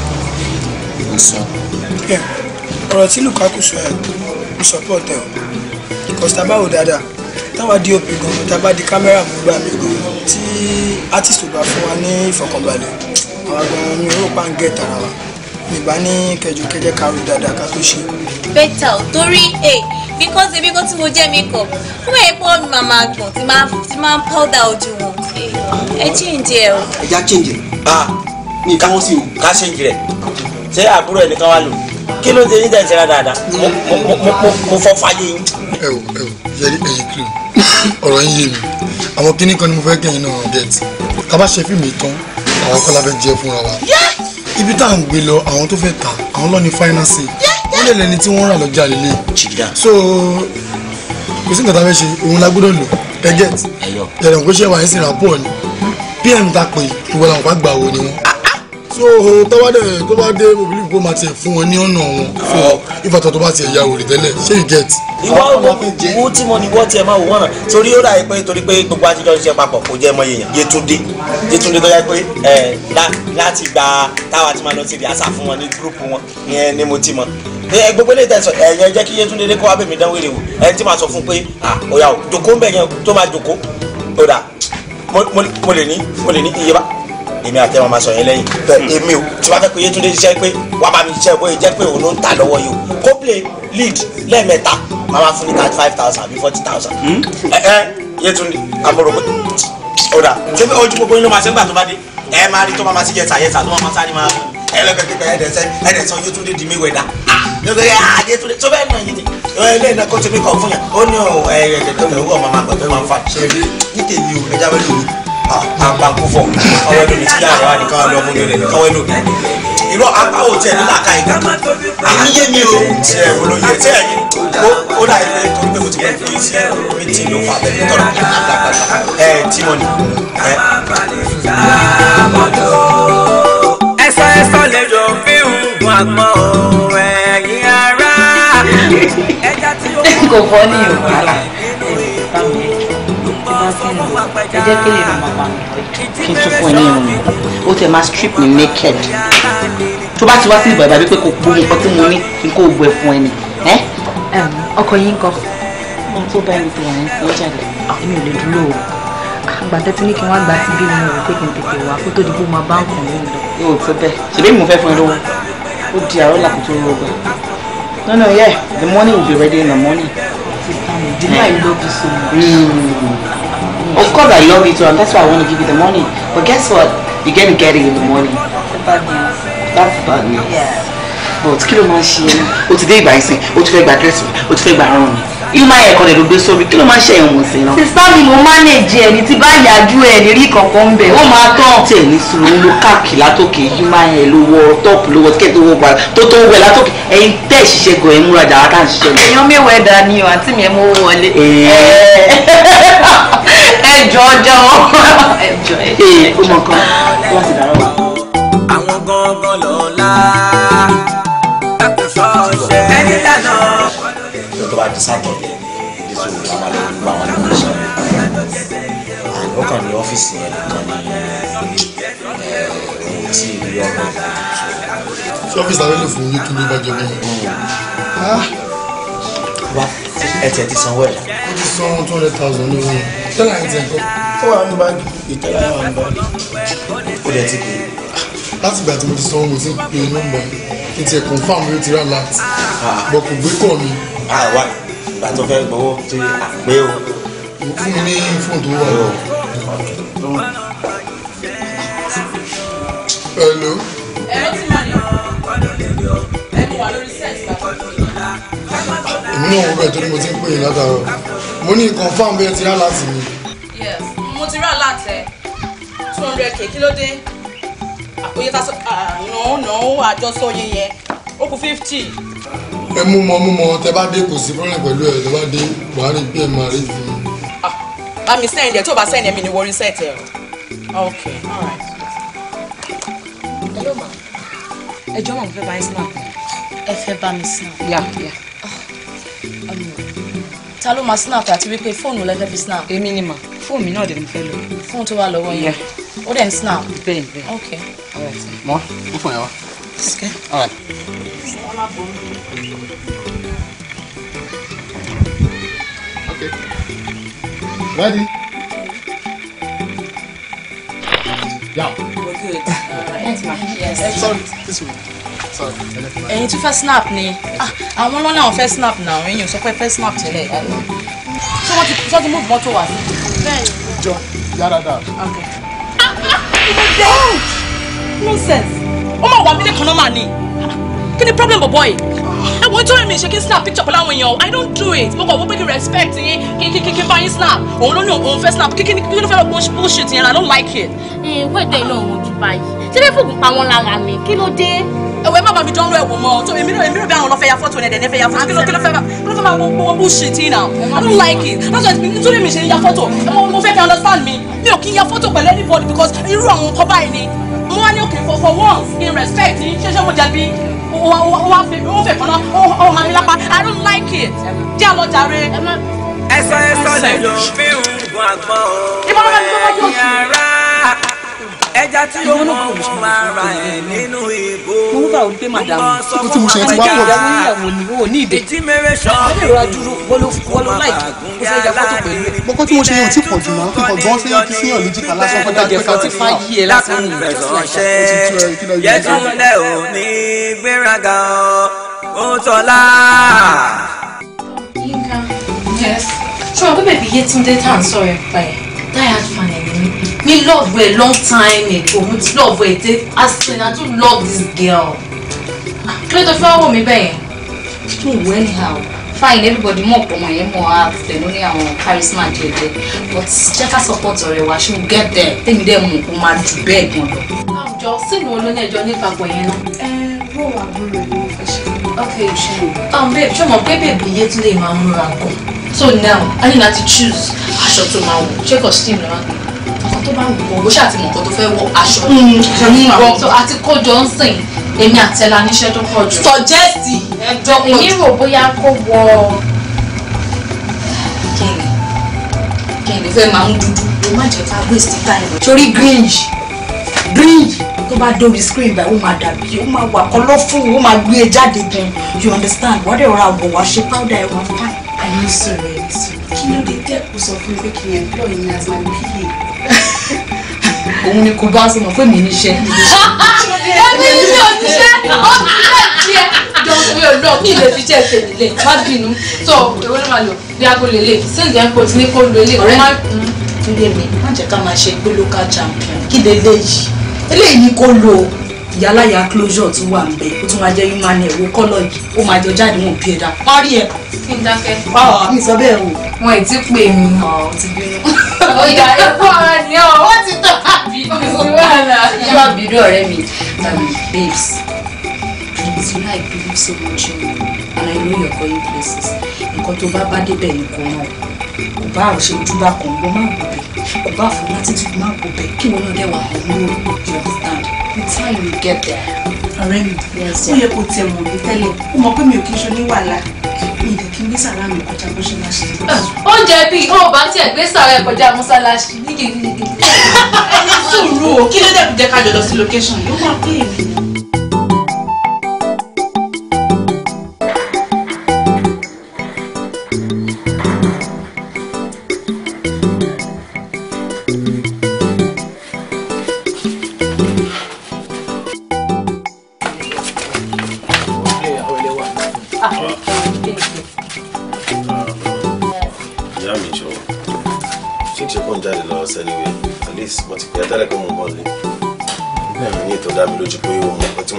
S2: ń sọ. ọ̀rọ̀ tí Lukaku sọ ẹ̀ ń support ẹ̀ kọ́sítà báwo dáadáa táwa di òpin gan tá a bá di kámẹ́rà mú gbà mí gan tí artist ò bá fún wa ní ìfọkànbalẹ̀ àwọn agbọ̀n mi ò rò pa ń gẹ̀ tara wa ìbá ní kẹjọ kẹjẹ kárò dáadáa ká tó ṣe.
S4: bẹ́tà ò torí ẹ̀. Eh, because ebi kó tí mo jẹ́ makeup fún èèpo mi màmá gbọ̀n tí máa tí máa powder ojú wọn ẹ change ẹ o.
S2: ẹ já change ah ní ìkáwọ́ sí o. ká change rẹ̀ ṣé àbúrò ẹ̀ nìkan wá lò kí ló dé nígbà ìṣẹ́ra dáadáa
S1: mo fọ́ fàyè yín. ẹ o ẹ o yẹri ẹyin kiri ọ̀rọ̀ yín yé mi àwọn kinní kan ni mo fẹ́ kẹ́yìn náà get tá a bá ṣe fíìmù ìtàn àwọn kọ́lá fẹ́ jẹ́ fúnra wa ibi tá à ń gbé lọ àwọn tó fẹ́ ta àwọn lọ́ni fáínánsì lè lẹni tí wọ́n rà lọ́jà lílé so kò sí nǹkan tá a fẹ́ ṣe òun la gbọ́dọ̀ lò ẹgẹ́ ẹ̀rọ kó ṣe wà ní sinra pọ̀ ni pm ta pé ìwọ làwọn kan gbà wo ni wọn. Ah, ah. so tọ́wádẹ̀ tó bá dé mobili kó máa tiẹ̀ fún wọn ní ọ̀nà wọn fún ọ ìfàtọ̀ tó bá tiẹ̀ ya òrì tẹ́lẹ̀ ṣé you get. ìwọ wo tí mo ní wọ́n tiẹ̀ máa wò wọ́n náà torí ó dàbí pé torí
S2: pé gbogbo àtijọ́ ń ṣe papọ̀ kò jẹ́ mọ́yé yẹn Yétúndé Yétúndé tó yẹ pé láti gba táwa ti máa lọ sí ìdí àṣà fún wọn ní gúrúùpù wọn ni mo ti mọ ẹ gbogbo ilé ìtẹ̀sán ẹ̀yẹn jẹ́ kí yétúndé lé kó abẹ́mi dánwó èrè wò ẹ̀ ń tí máa sọ fún pé ọ̀yà o jòkó ń bẹ̀ yẹn tó máa jòkó ọ̀dà mo lè ní mo lè ní iye bá èmi àti ẹ̀ma máa sọ yẹn lẹ́yìn bẹ́ẹ̀ hmm. èmi o tí wàá fẹ́ pé yétúndé ṣiṣẹ́ pé wàá bá mi ṣiṣẹ́ bóyá jẹ́ pé òun ló ń ta lọ́wọ́ yìí o kó play lead lẹ́ẹ̀mẹ́ta máa máa fún ní thirty five thousand àbí forty thousand hmm. ẹ ẹ yétúndé amúrògbò ọ̀dà ṣé ojú gbogbo yín ló máa ṣe gbà tó bá dé ẹ máa rí tó máa ma sí yẹta yẹta tó máa ma sáré máa ẹ lọ pẹpẹpẹ ẹdẹsẹ ẹdẹsẹ Yétúndé di mí wẹdà lórí Yétúndé tó bẹ́ẹ̀ nà yìí ẹ lẹ́yìn náà kó tèmi kọ̀ fún yẹn ó ní ọ ẹ ẹ ẹ owó ọmọ máa gbàgbé máa ń fa ṣe rí ní tèmi o ẹ jáwé lómi àgbàkúfọ̀ ọwọ́ ẹlòmí tí yàrá wà nìkan lọ mú lórí ọwọ́ ẹlòmí irọ́ apá òtẹ̀ nílàkà ìgbà àmì yé mi o ṣe olóyè tẹ́ ẹ̀yìn ó dà yìí pé torí pé mo ti pẹ́ fún ìsìn omi tí ló fà bẹ́ẹ̀ nítorí àgbàlagbà ẹ tí mo ní. ẹsọ ẹsọ lè jọ fi hùwà àgbọn ẹ̀yin ara ẹja tí ó kò fọ́ ní yorùbá là
S4: ẹ jẹ́ kí lè máa bá mi kí n tún fún ẹ ní irun mi ó tẹ máa strip mi naked
S2: tó bá ti wá sí ìgbà ìgbà wípé kò gbóhùn nǹkan tí mo ní kí n kó gbọ́ fún ẹ ní
S4: ọkọ yín kọ. mo tó bá ibi wọn ń kó jáde. èmi ò lè dúró o àgbàdo tí ní kí wọn gba ti bí mi rò pé kí n tètè wá kó tó di bó máa bá nǹkan mi lọ.
S2: yóò tó bẹ́ẹ̀ ṣèlérí mo fẹ́ fún ẹ lówó ó di àárọ̀ làkútó rọgbà. no no yeah the money will be ready in the morning. The yeah. I love you so much. Hmm. Of course I love you too and that's why I want to give you the money. But guess what? You can't get it in the morning. That's bad news. That's bad news. Yeah but kí ló máa ń ṣe ẹnu o ti dé ìgbà ìsìn o ti fẹ́ gba dírẹ́sì mi o ti fẹ́ gba àrùn mi human hair kan lè ló gbé sórí kí ló máa ń ṣe ẹ̀wọ̀n sí náà. sísá mi mo mánéèjì ẹni tí bá yájú ẹ rí kankan ń bẹ ó máa tán. tẹ̀ ní sùúrù ń káàkì látòkè
S4: human hair ló wọ tọ́ọ̀pù ló wọ tíkẹ́ tó wọ gbà tó tó wẹ látòkè ẹ̀yin tẹ̀ ṣiṣẹ́ gan ẹ̀ múra dàrá tá ń ṣiṣẹ́ lọ. èèyàn mẹ́wàá ẹ̀dá ni o àǹtí mi ẹ̀ mọ́ wọlé. *laughs*
S1: ẹ jọ jọ ẹ jọ ẹ. ó mọ nǹkan wọ́n ti dàrọ́ wa. àwọn gangan
S2: lọ bá di sátọ̀dẹ̀ ìdísò àmàlẹ́ nígbà wọn ní ọ̀sán
S1: ó kàn ní ọ́fíìsì yẹn nìkan ní eh, ohun tí ìlú ọgbọ̀n ṣé ọ́fíìsì àwọn ilé fún yín tún ló bá jẹ mọ́ hmm. wa ẹ tẹ ti sanwó ẹ. ó ti san one hundred thousand ní wọn tẹ́lá ẹ̀ tẹ̀ kọ́. ó wà ní báńkì ìtẹ́lá wà ní báńkì. ó lè ti pè láti ìgbà tí mo ti san owó sí pé nọ́mbà kí n tiẹ̀ confam yóò ti rà láti bọ̀ kò gbé kọ̀ mi.
S2: àwa ah, ìgbà tó fẹ́ gbowó ti àpé o.
S1: mo fún mi ní fóònù tó wà lọ. hello.
S4: ẹ̀rọ tí màá ní ọ̀gbọ́dọ̀ lè lọ ẹni wà lórí sẹ́ẹ̀sì àgbọ̀dọ̀ lọ́la. èmi náà wo
S1: bẹ́ẹ̀ torí mo ti ń pè é látàárọ̀ mo ní confam bẹ́ẹ̀ ti rà láti mi.
S4: yes mo ti rà láti ẹ̀ two hundred k kí ló dé oye ta sọ ah, no no àjọsọ yẹn yẹn ó kù fifty.
S1: ẹ mú mọ mú mọ tẹ bá dé kò sí problem pẹ̀lú ẹ tẹ bá dé wàá bí ẹ máa rí fi.
S4: Ah, bá mi sẹ́yìn dẹ̀ tó bá sẹ́yìn mi ni wọ́n rí sẹ́ẹ̀tì ẹ̀ ok all right. hello ma ẹ jọ́ mọ̀ mo fẹ́ bá yín snap. ẹ fẹ́ bá mi snap. ya ya. ta ló máa snap àti wípé fóònù lẹ́fẹ̀ẹ́ fi snap. èmi ni mà fóònù mi náà dẹ̀ mo fẹ́ lọ. fóònù tó wà lọ́wọ́ yẹn ó dẹ̀ ń snap. bẹ́ẹ̀ bẹ́ẹ̀. ok mọ ó
S1: fún yẹn wá. Okay. Ready? Yeah. We're good. All right. Yes. Sorry, this way ẹ̀yin tún
S4: fẹ́ snap ni ah, àwọn lọ́nà àwọn first snap now. àwọn èèyàn sọ pé fẹ́ snap tẹ́lẹ̀ So what? You ṣé ti move mọ́tò wá. bẹ́ẹ̀ ni. jọ yára dáa. ok. Oh! nonsense ó mà wà mílẹ̀ kan náà mà ní kí ni problem bọ̀bọ̀ yìí ẹ wo ìtọ́rẹ̀ mi ṣe kí n snap picture pẹ̀lú àwọn èèyàn i don't do it mo kàn wọ́n pé kí n respect yín kí kí kí kí n bá yín snap òun ló ní òun fẹ́ snap kí kí kí ló fẹ́ lọ bullshit yẹn i don't like it. ẹ wẹ́ẹ̀dẹ̀ náà wọ́n jù báyìí ṣé fẹ́ fògùn pa wọn lára mi kí ló dé ẹwẹ bàbá mi dánwó ẹwọ mọ tó èmi èmi rẹ bí àwọn ọlọfẹ ya fọ́tò ẹdẹ ẹdẹ fẹ ya fọ́tò kí ló kí ló fẹ bá kí ló fẹ máa gbogbo wọn bullshit yìí náà I don't like it that's why nítorí mi ṣe ya photo. mo fẹ́ kí understand me. mi ò kí ya fọ́tò pẹ̀lú anybody because irú àwọn nǹkan báyìí ni mo wá ní òkè for for once in respect ní ṣẹṣẹ mo jẹ̀bi ó wá fẹ́ ó fẹ́ kàn náà hàn mí lápá i don't like it jẹ́ àlọ́ jàre. ẹsọ ẹsọ lè lò fi ń gun àgbọn yàrá ẹja tí ó mọ mọ ara ẹ̀
S2: nínú ìbò mo ń bá òun pé màdàmú kókó tí mo ṣe ti wá wò ó níyàwó
S4: ni ó ní ìdè ẹni ìrora dúró wọlé láìkì ó fẹ́ ya fọ́tò pẹ̀lú
S1: ẹ̀. gbogbo tí mo ṣe yẹn tí pọ̀ jù náà kíkọ̀ gan ṣé yẹn ti sí ọ̀lẹ́jì kan lásán kọjá pé ká ti fà
S3: yí ẹ lásán ní
S2: ìrẹsọ̀ṣẹ́ yẹtúndẹ̀ ò ní gbéraga ó tọ́lá.
S4: Yínká yes ṣé wọn pé bèbí tá à ń sọ̀rọ̀ ẹ̀ pa me love her long time ago mo ti love her tey as in i too love this girl kílẹ̀ tó fi wá wò mí bẹ́ẹ̀ yẹn mo oh, wò anyhow fine everybody mọ̀ pọ̀ mọ̀ yẹn mọ̀ á pẹ̀lú ní àwọn charisma jẹjẹ but jẹ́ ká support ọ̀rẹ́ wa she will get there tèmi dẹ̀ mọ̀ kó máa jù bẹ́ẹ̀ gan lọ. àwùjọ sínú olóyún ẹjọ nípa pọ̀ yẹn náà. ẹ bó wà búrò ní ìfẹsẹ̀. okay ṣe um babe ṣé mo pé bèbí Yétúndé máa ń múra gan so now i need na to choose aṣọ tó máa wọ̀ ṣé costume ló máa gbé nǹkan tó bá wù wọ́n bó ṣáà ti mọ̀ nǹkan tó fẹ́ wọ aṣọ. Mm, wọ́n tó àti kójọ ń sìn èmi àtẹ́lá níṣẹ́ tó pọ̀ jù. sọ̀jẹ́sì ẹjọ́ pọ̀ jù. èmi rò bóyá kó wọ kìnìún kìnìún fẹ́ máa ń dúdú ló má jẹ́ ká waste time. torí gringe gringe tó bá dórí screen báyìí ó máa dàbí ó máa wà kọlọ́fún ó máa gbé e jáde gan you understand wọ́n dẹ̀ rọra wọ̀ wá ṣe powder ẹ̀ wọ́n fine. àyè sọ̀rọ̀ kí ló dé tẹ́kù sọ fún mi pé kí n employ yín as my PA. *laughs* òun ni kò bá sọ mọ pé mi níṣẹ́. ẹbí *laughs* ni mi ò níṣẹ́ ó ti fẹ́ jẹ jọ̀wọ́ ọ̀dọ́ mi lè fi jẹ́ ìfẹ́ nílé má bínú tó ewé ló máa lò bí aago lè lè sèǹdì ẹ̀kọ́ ti ní kó lo ilé ọ̀rẹ́ mi. má jẹ́ ká máa ṣe gbólóká champion kí lè léyìí eléyìí ni kó lo yálàyà closure tó wà nbẹ ó tún máa jẹ human hair kọlọ yìí ó máa jọ jáde wọn bí ẹ̀dá wọn ẹ. kí n dákẹ́. ọ mi
S1: sọ bẹ́ẹ̀ o. wọn ì tí pè mí. ọ ti bínú. ó yà ara ní ọ wọn ti tọ́ àbí. ìwádìí yóò bínú ọ̀rẹ́ mi.
S4: babes things you like believe so much in and I know you're going places. Nǹkan tó bá bá débẹ̀ nìkan náà. Kò bá àròṣe ojú bá kàn gbọ́ máa gbọ́ bẹ̀. Kò bá àfọwọ́ láti tún máa gbọ́ bẹ̀. Kí wọn náà dẹ̀ wà ní orí ìjọba. It's time you get there. Ọ̀rẹ́ mi, ó yẹ kó tiẹ̀ mọ̀ mí tẹ́lẹ̀. Ó mọ̀ pé mi ò kí n ṣe oníwàlá. Mi ì kí n gbé sàrá mi kọjá mọ́ṣáláṣí. Oúnjẹ bíi ó bá tiẹ̀ gbé sàrá ẹ̀ kọjá mọ́ṣáláṣí nígèdègèdè. Ẹni sùúrù o, kí ló dẹ̀ fi jẹ́ ká jọ lọ sí location yìí? Ó máa pè é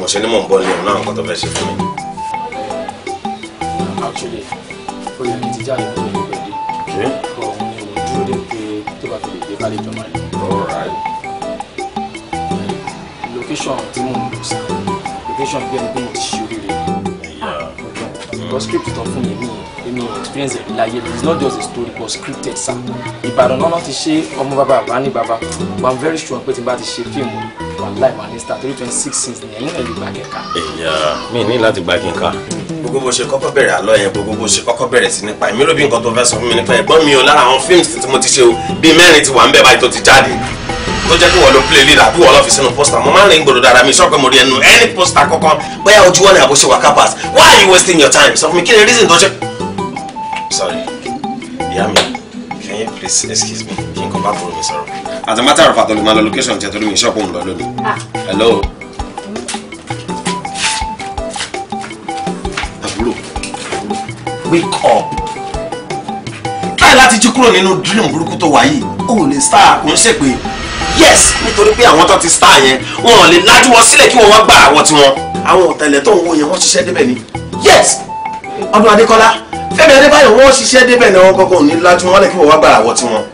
S2: ṣe ní mò ń bọ́ lé òun náà tó fẹ́ ṣe fún mi.
S1: actually oyè mi ti jáde lórí ìgbẹ́ dé ọ̀hún ni mo dúró dé pé tó bá fi lè dé bá lè jọba location tí mo
S2: location bí ẹni pé mo ti because script tó fún mi mi èmi experience ẹ̀rí láyé it's not just a story but scripted sa Ìbàdàn náà ti ṣe ọmọ bàbá àbá ní bàbá but I'm very strong. pé tí n bá ti ṣe fíìmù wàláì wà ní star three twenty six six ni ẹ̀yin náà lè gba kẹ̀kà. èyà mi ní láti gba kí n kà. gbogbo bó ṣe kọ́kọ́ bẹ̀rẹ̀ àlọ́ yẹn gbogbo bó ṣe kọ́kọ́ bẹ̀rẹ̀ sí nípa èmi ló bí nǹkan tó fẹ́ sọ fún mi nípa ẹ̀gbọ́n mi o lára àwọn fíìmù tí mo ti ṣe o bíi mẹ́rin ti wà ń bẹ̀ báyìí tó ti jáde tó jẹ́ kí wọ́n ló play lead àbí wọ́n lọ́ fi sínú pósítà mo máa ń rìn gbòdò dára mi sọ́kàn mo rí ẹnu ẹni pósítà kọ́kọ́ bóyá ojú wọn ni àbó ṣe wà kápás why are you wasting your time sọ fún mi kí ni reason tó ṣe. sorry ìyá mi can you please excuse me kí n kọ́ bá bòrò mi sọ̀rọ̀ as a matter of fact olùmọ̀ location tiẹ̀ torí mi ṣọ́ọ̀pù ń lọ lónìí. hello. àbúrò wake up try láti jí kúrò nínú dream burúkú tó wà yìí o ò lè star kò ń ṣègbè yes nítorí pé àwọn tó ti star yẹn wọn lè lajú wọn sílẹ̀ kí wọ́n wá gba àwọn tiwọn àwọn ọ̀tẹlẹ̀ tó ń wo yẹn wọ́n ṣiṣẹ́ débẹ̀ ni yes ọdún adékọ́lá fẹ́mi adébáyọ̀ wọ́n ṣiṣẹ́ débẹ̀ ni wọ́n kọ́kọ́ ní lajú wọn lẹ́kí wọ́n wá gba àwọn tiwọn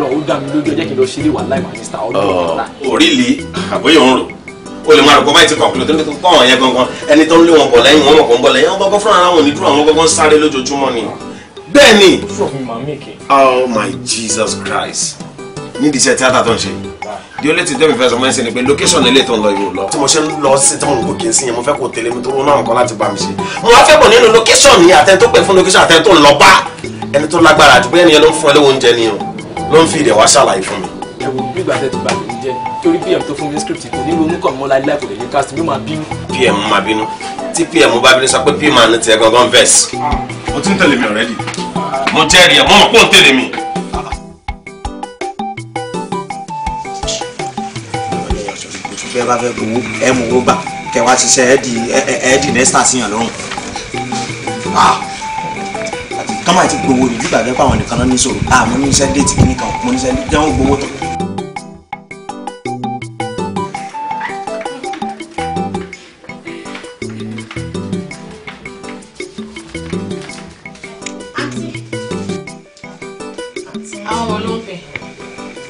S2: lọ ó dá mi lójú ọjọ́ kí n lọ ṣílé wà láì máa ní star ọdún ọ̀la. òrìlì àbóyọ̀ ń rò o lè máa rò kó báyìí ti kọ̀ọ̀kùlù tó ń tó kọ́ ọ̀yẹ́ gangan ẹni tó ń lé wọn bọ̀ lẹ́yìn wọn mọ̀kàn ń bọ̀ lẹ́yìn wọn gbọ́gbọ́ fúnra wọn ní dúró àwọn gbọ́gbọ́ sáré lójoojúmọ́ ni. bẹ́ẹ̀ ni oh my Jesus Christ nídìí iṣẹ́ tíátà tó ń ṣe di ó létí tẹ́mi fẹ́ sọ mẹ́sìn ni pé location ilé tó ń lọ yóò lọ. tí mo ṣe ń lọ sí tí mo ń gòkè sí yẹn mo fẹ́ kó tẹ̀lé mi tó wọn náà nǹkan láti bá mi ṣe. mo wá fẹ́ bọ̀ nínú location yìí àtẹ tó pè fún location àtẹ tó ń lọ bá ẹni tó lágbára àti bóyá ẹni yẹn ló ń fún ẹ lówó oúnjẹ ni o ló ń fi ìdẹ̀ wá ṣàlàyé fún mi. ẹ wo gbígbà tẹ ti bà mí jẹ́ torí pm tó fún mi script kò ní ronú kàn mọ́ láyé láì kò lè ní cast mi máa bínú. pm máa bínú tí pm bá bínú sọ pé pm àná tiẹ̀ gangan verse. Ah, o ti ń tẹ̀lé mi already. mo jẹ́rìí ẹ̀ mo mọ̀ pé ò ń tẹ̀lé mi. bẹ́ẹ̀ bá fẹ́ gbowó ẹ mú owó gbà kẹwàá ṣiṣẹ́ ẹ di di nẹ́sítà síyàn lọ́rùn. Ah kán máa ti gbowó ní bíbà gẹ́gẹ́ àwọn nìkan náà ní sòrò ah mo ní iṣẹ́ déètì kìíní kan mo ní déètì jẹ́wọ́n gbowó tó.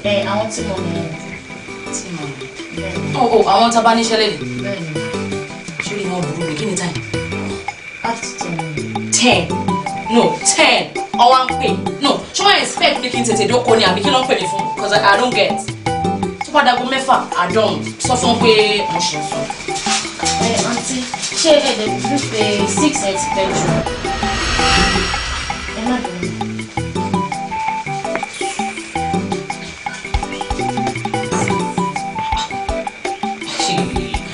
S4: Eh, àwọn tábà níṣẹ́ lẹ́nu. bẹ́ẹ̀ni. ṣé ni wọn burú kí ni táyì. after ten. ten no ten ọwọ́ ń pay. no ṣé wọ́n expect pé kí n tètè call me and kí ló ń pè mí fún because I don't get tó bá dago mẹ́fà àdán sọ fún pé mo ṣe sọ. ẹ àǹtí ṣé ẹ lè fi pé six eight petrol ẹ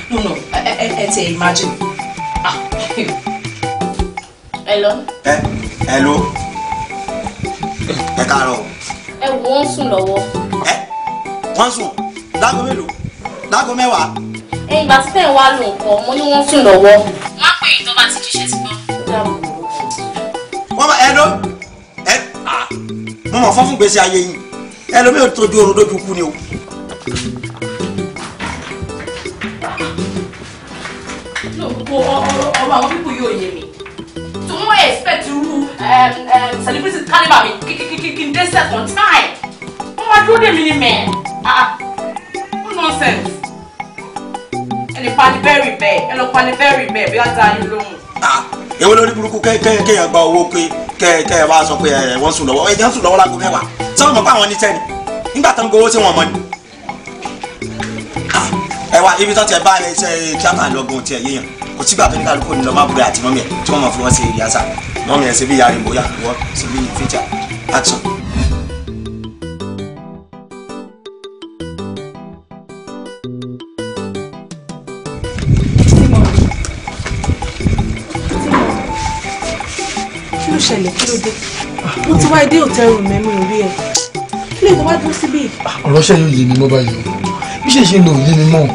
S4: no no ẹ ẹ ẹ ti imagine. Hello. Eh? Ah,
S2: *laughs* hello ẹ káàárọ̀.
S4: ẹ wo wọn sùn lọ́wọ́. ẹ wọn sùn láago mélòó láago mẹ́wàá. ẹ̀yin ìgbà tí bẹ́ẹ̀ wá lò nǹkan mo ní wọ́n sùn
S2: lọ́wọ́. wọ́n
S4: á pè é tó bá ti jíṣẹ́ ti gbọ́.
S2: wọ́n bá ẹ lọ ẹ mo mọ̀ fọ́n fún gbèsè ayé yìí ẹ lómi ò tójú oorun lójú kú ni o.
S4: ní bàbí kí n dé second time Oh máa dúró the mini man. mẹ́ ah, ah. nonsense ẹ lè pani bẹ́ẹ̀rì bẹ́ẹ̀ ẹ lọ pani bẹ́ẹ̀rì bẹ́ẹ̀ bí wọ́n ta ayé lóhùn. Ah,
S2: èwo lórí burúkú kéèyàn gba owó pé kẹ́ ẹ wá sọ pé wọ́n sùn lọ́wọ́ ẹ̀jẹ̀ ń sùn lọ́wọ́ lágbo mẹ́wàá sọ́wọ́n mọ̀ pé àwọn oníṣẹ́ ni nígbà tó ń gbowó sí wọn mọ́ ni ah, ẹ wá ibi tó ti ẹ bá ẹ ṣe tíátà lọ́gùn tiẹ̀ yéèyàn kò sígbà tó ní kálukú ni lọ́ọ́ má bùrẹ̀ àti mọ́mí ẹ̀ tí wọ́n mọ̀ fi wọ́n ṣe ìrìn àṣà mọ́mí ẹ̀ ṣe bí ìyá rẹ̀ bóyá wọ́n ṣe bí fíjà action.
S4: mo ti wá dé òtẹ́ mẹ́mú orí ẹ̀ kí lè tó wá dúró síbí.
S1: ọ̀rọ̀ yóò yé mi mọ́ báyìí o bí ṣe ṣe lò yé mi mọ́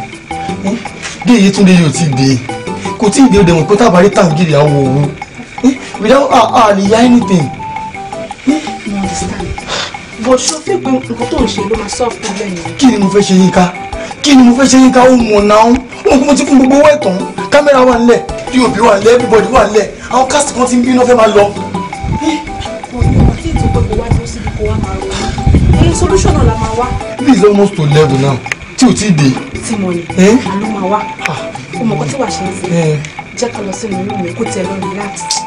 S1: dé iye tún lè yóò ti dé kò tí ì dé o pé tábàárí tàgìrì àwọn òun Without don ah ah anything. mo understand but ṣo fi pé to tó ń ṣe ló máa solve problem yìí. kí ni mo fẹ́ ṣe yín ká kí ni mo fẹ́ ṣe yín ká ó mọ̀ náà ó mọ̀ kí mo ti fún gbogbo owó ẹ̀tàn kámẹ́rà wà nílẹ̀ pop wà nílẹ̀ everybody wà nílẹ̀ àwọn cast kan ti ń bínú fẹ́ máa lọ.
S4: solution náà la máa wá.
S1: this is almost to level now tí o ti dé.
S4: tí mo ní eh? àlọ́ máa Ah. ọmọ kan tí wàá ṣe ń sè é jẹ́ ká lọ sínú inú mi kó tẹ lọ relax.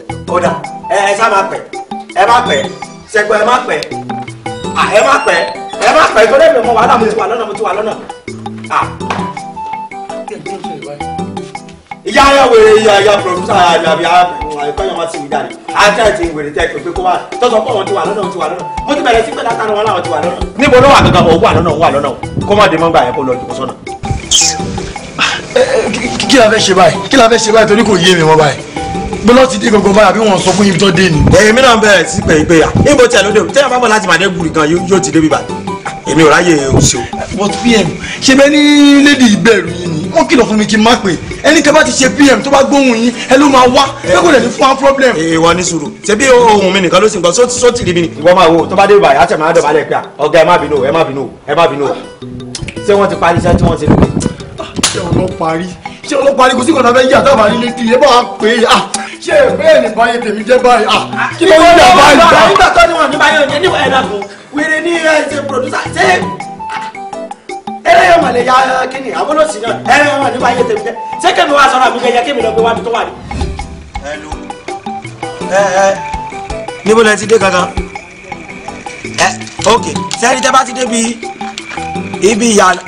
S2: ọ̀dà ẹ ẹ sá máa pẹ̀ ẹ má pẹ̀ ṣẹgbẹ́ ẹ má pẹ̀ à ẹ má pẹ̀ ẹ má pẹ̀ tó lẹ́nu mọ wàhálà mo ti wà lọ́nà mo ti wà lọ́nà à. ìyá ayọ̀ wèrè ìyá ayọ̀ pọ̀lọ́mùsà àbí àìkọ́yọ̀ máa ti wù jáde ajá ìtì ìwèrè tẹ́ pé kó wà tọ́sọ̀ pọ̀ wọn ti wà lọ́nà mo ti wà lọ́nà mo ti bẹ̀rẹ̀ sí pé látara wọn láwọn ti wà lọ́nà. níbo ló wà gangan òun wà lọ́nà òun wà lọ́nà kó má dé mọ́gbà yẹn kó lọ jù kó sọ́nà. kí la fẹ́ ṣe báyìí kí la fẹ́ ṣe báyìí torí kò yé mi mọ́ báyìí bọ́lá ti dé gbogbo báyà bí wọ́n sọ fún ibi tó dé ni. èmi náà bẹ̀rẹ̀ sí pé pé ibo tí a lóde òkú tẹ́yà bá bọ̀ láti màdé gbùrì gan yóò ti dé bíbá èmi ò ráyè òṣèlú.
S1: but pm ṣe bẹ́ẹ̀ ní lady ìbẹ̀rù yìí ni wọ́n kìlọ̀ fún mi kí
S2: n má pè ẹni kẹ́ bá ti ṣe pm tó bá gbóhùn yín ẹ máa wá pé kò lè ní fún wa problem. ìwọ ní sùúrù ṣebí ohun mi nìkan ló sì ń gbọ́ sóòtì rí mi ìwọ máa wo tó bá dé ibà yàtọ̀ máa dọ̀bálẹ̀ pé ọ̀gá ẹ má bínú ẹ má bínú ẹ má bínú ṣé wọ́n ti parí iṣẹ́ tí wọ́n ti lò
S1: ah, ṣé ọlọ́parí
S2: ṣé ọlọ́parí kò sí kọ̀ọ̀dà fẹ́ yí àtàwọn àrílẹ̀ ṣé ìpínlẹ̀ nìbọn yẹn tèmi jẹ́ báyìí ah, kí ló ń jà báyìí bá. àwọn ìgbà tó ní wọn nípa yóò ní ní ẹ̀dá kò wéré ní ṣe pòdúsà ṣé eré yóò mọ̀ lè ya kíni àwọn olóòsì náà eré yóò mọ̀ nípa yẹn tèmi jẹ́ ṣé kèmi wá sọ̀rọ̀ àmì gẹ̀yẹ kèmi lọ gbé wá mi tó wà ní. níbo lẹ ti dé gangan ok sẹ́ni tẹ́ bá ti dé bi ibi ìyànà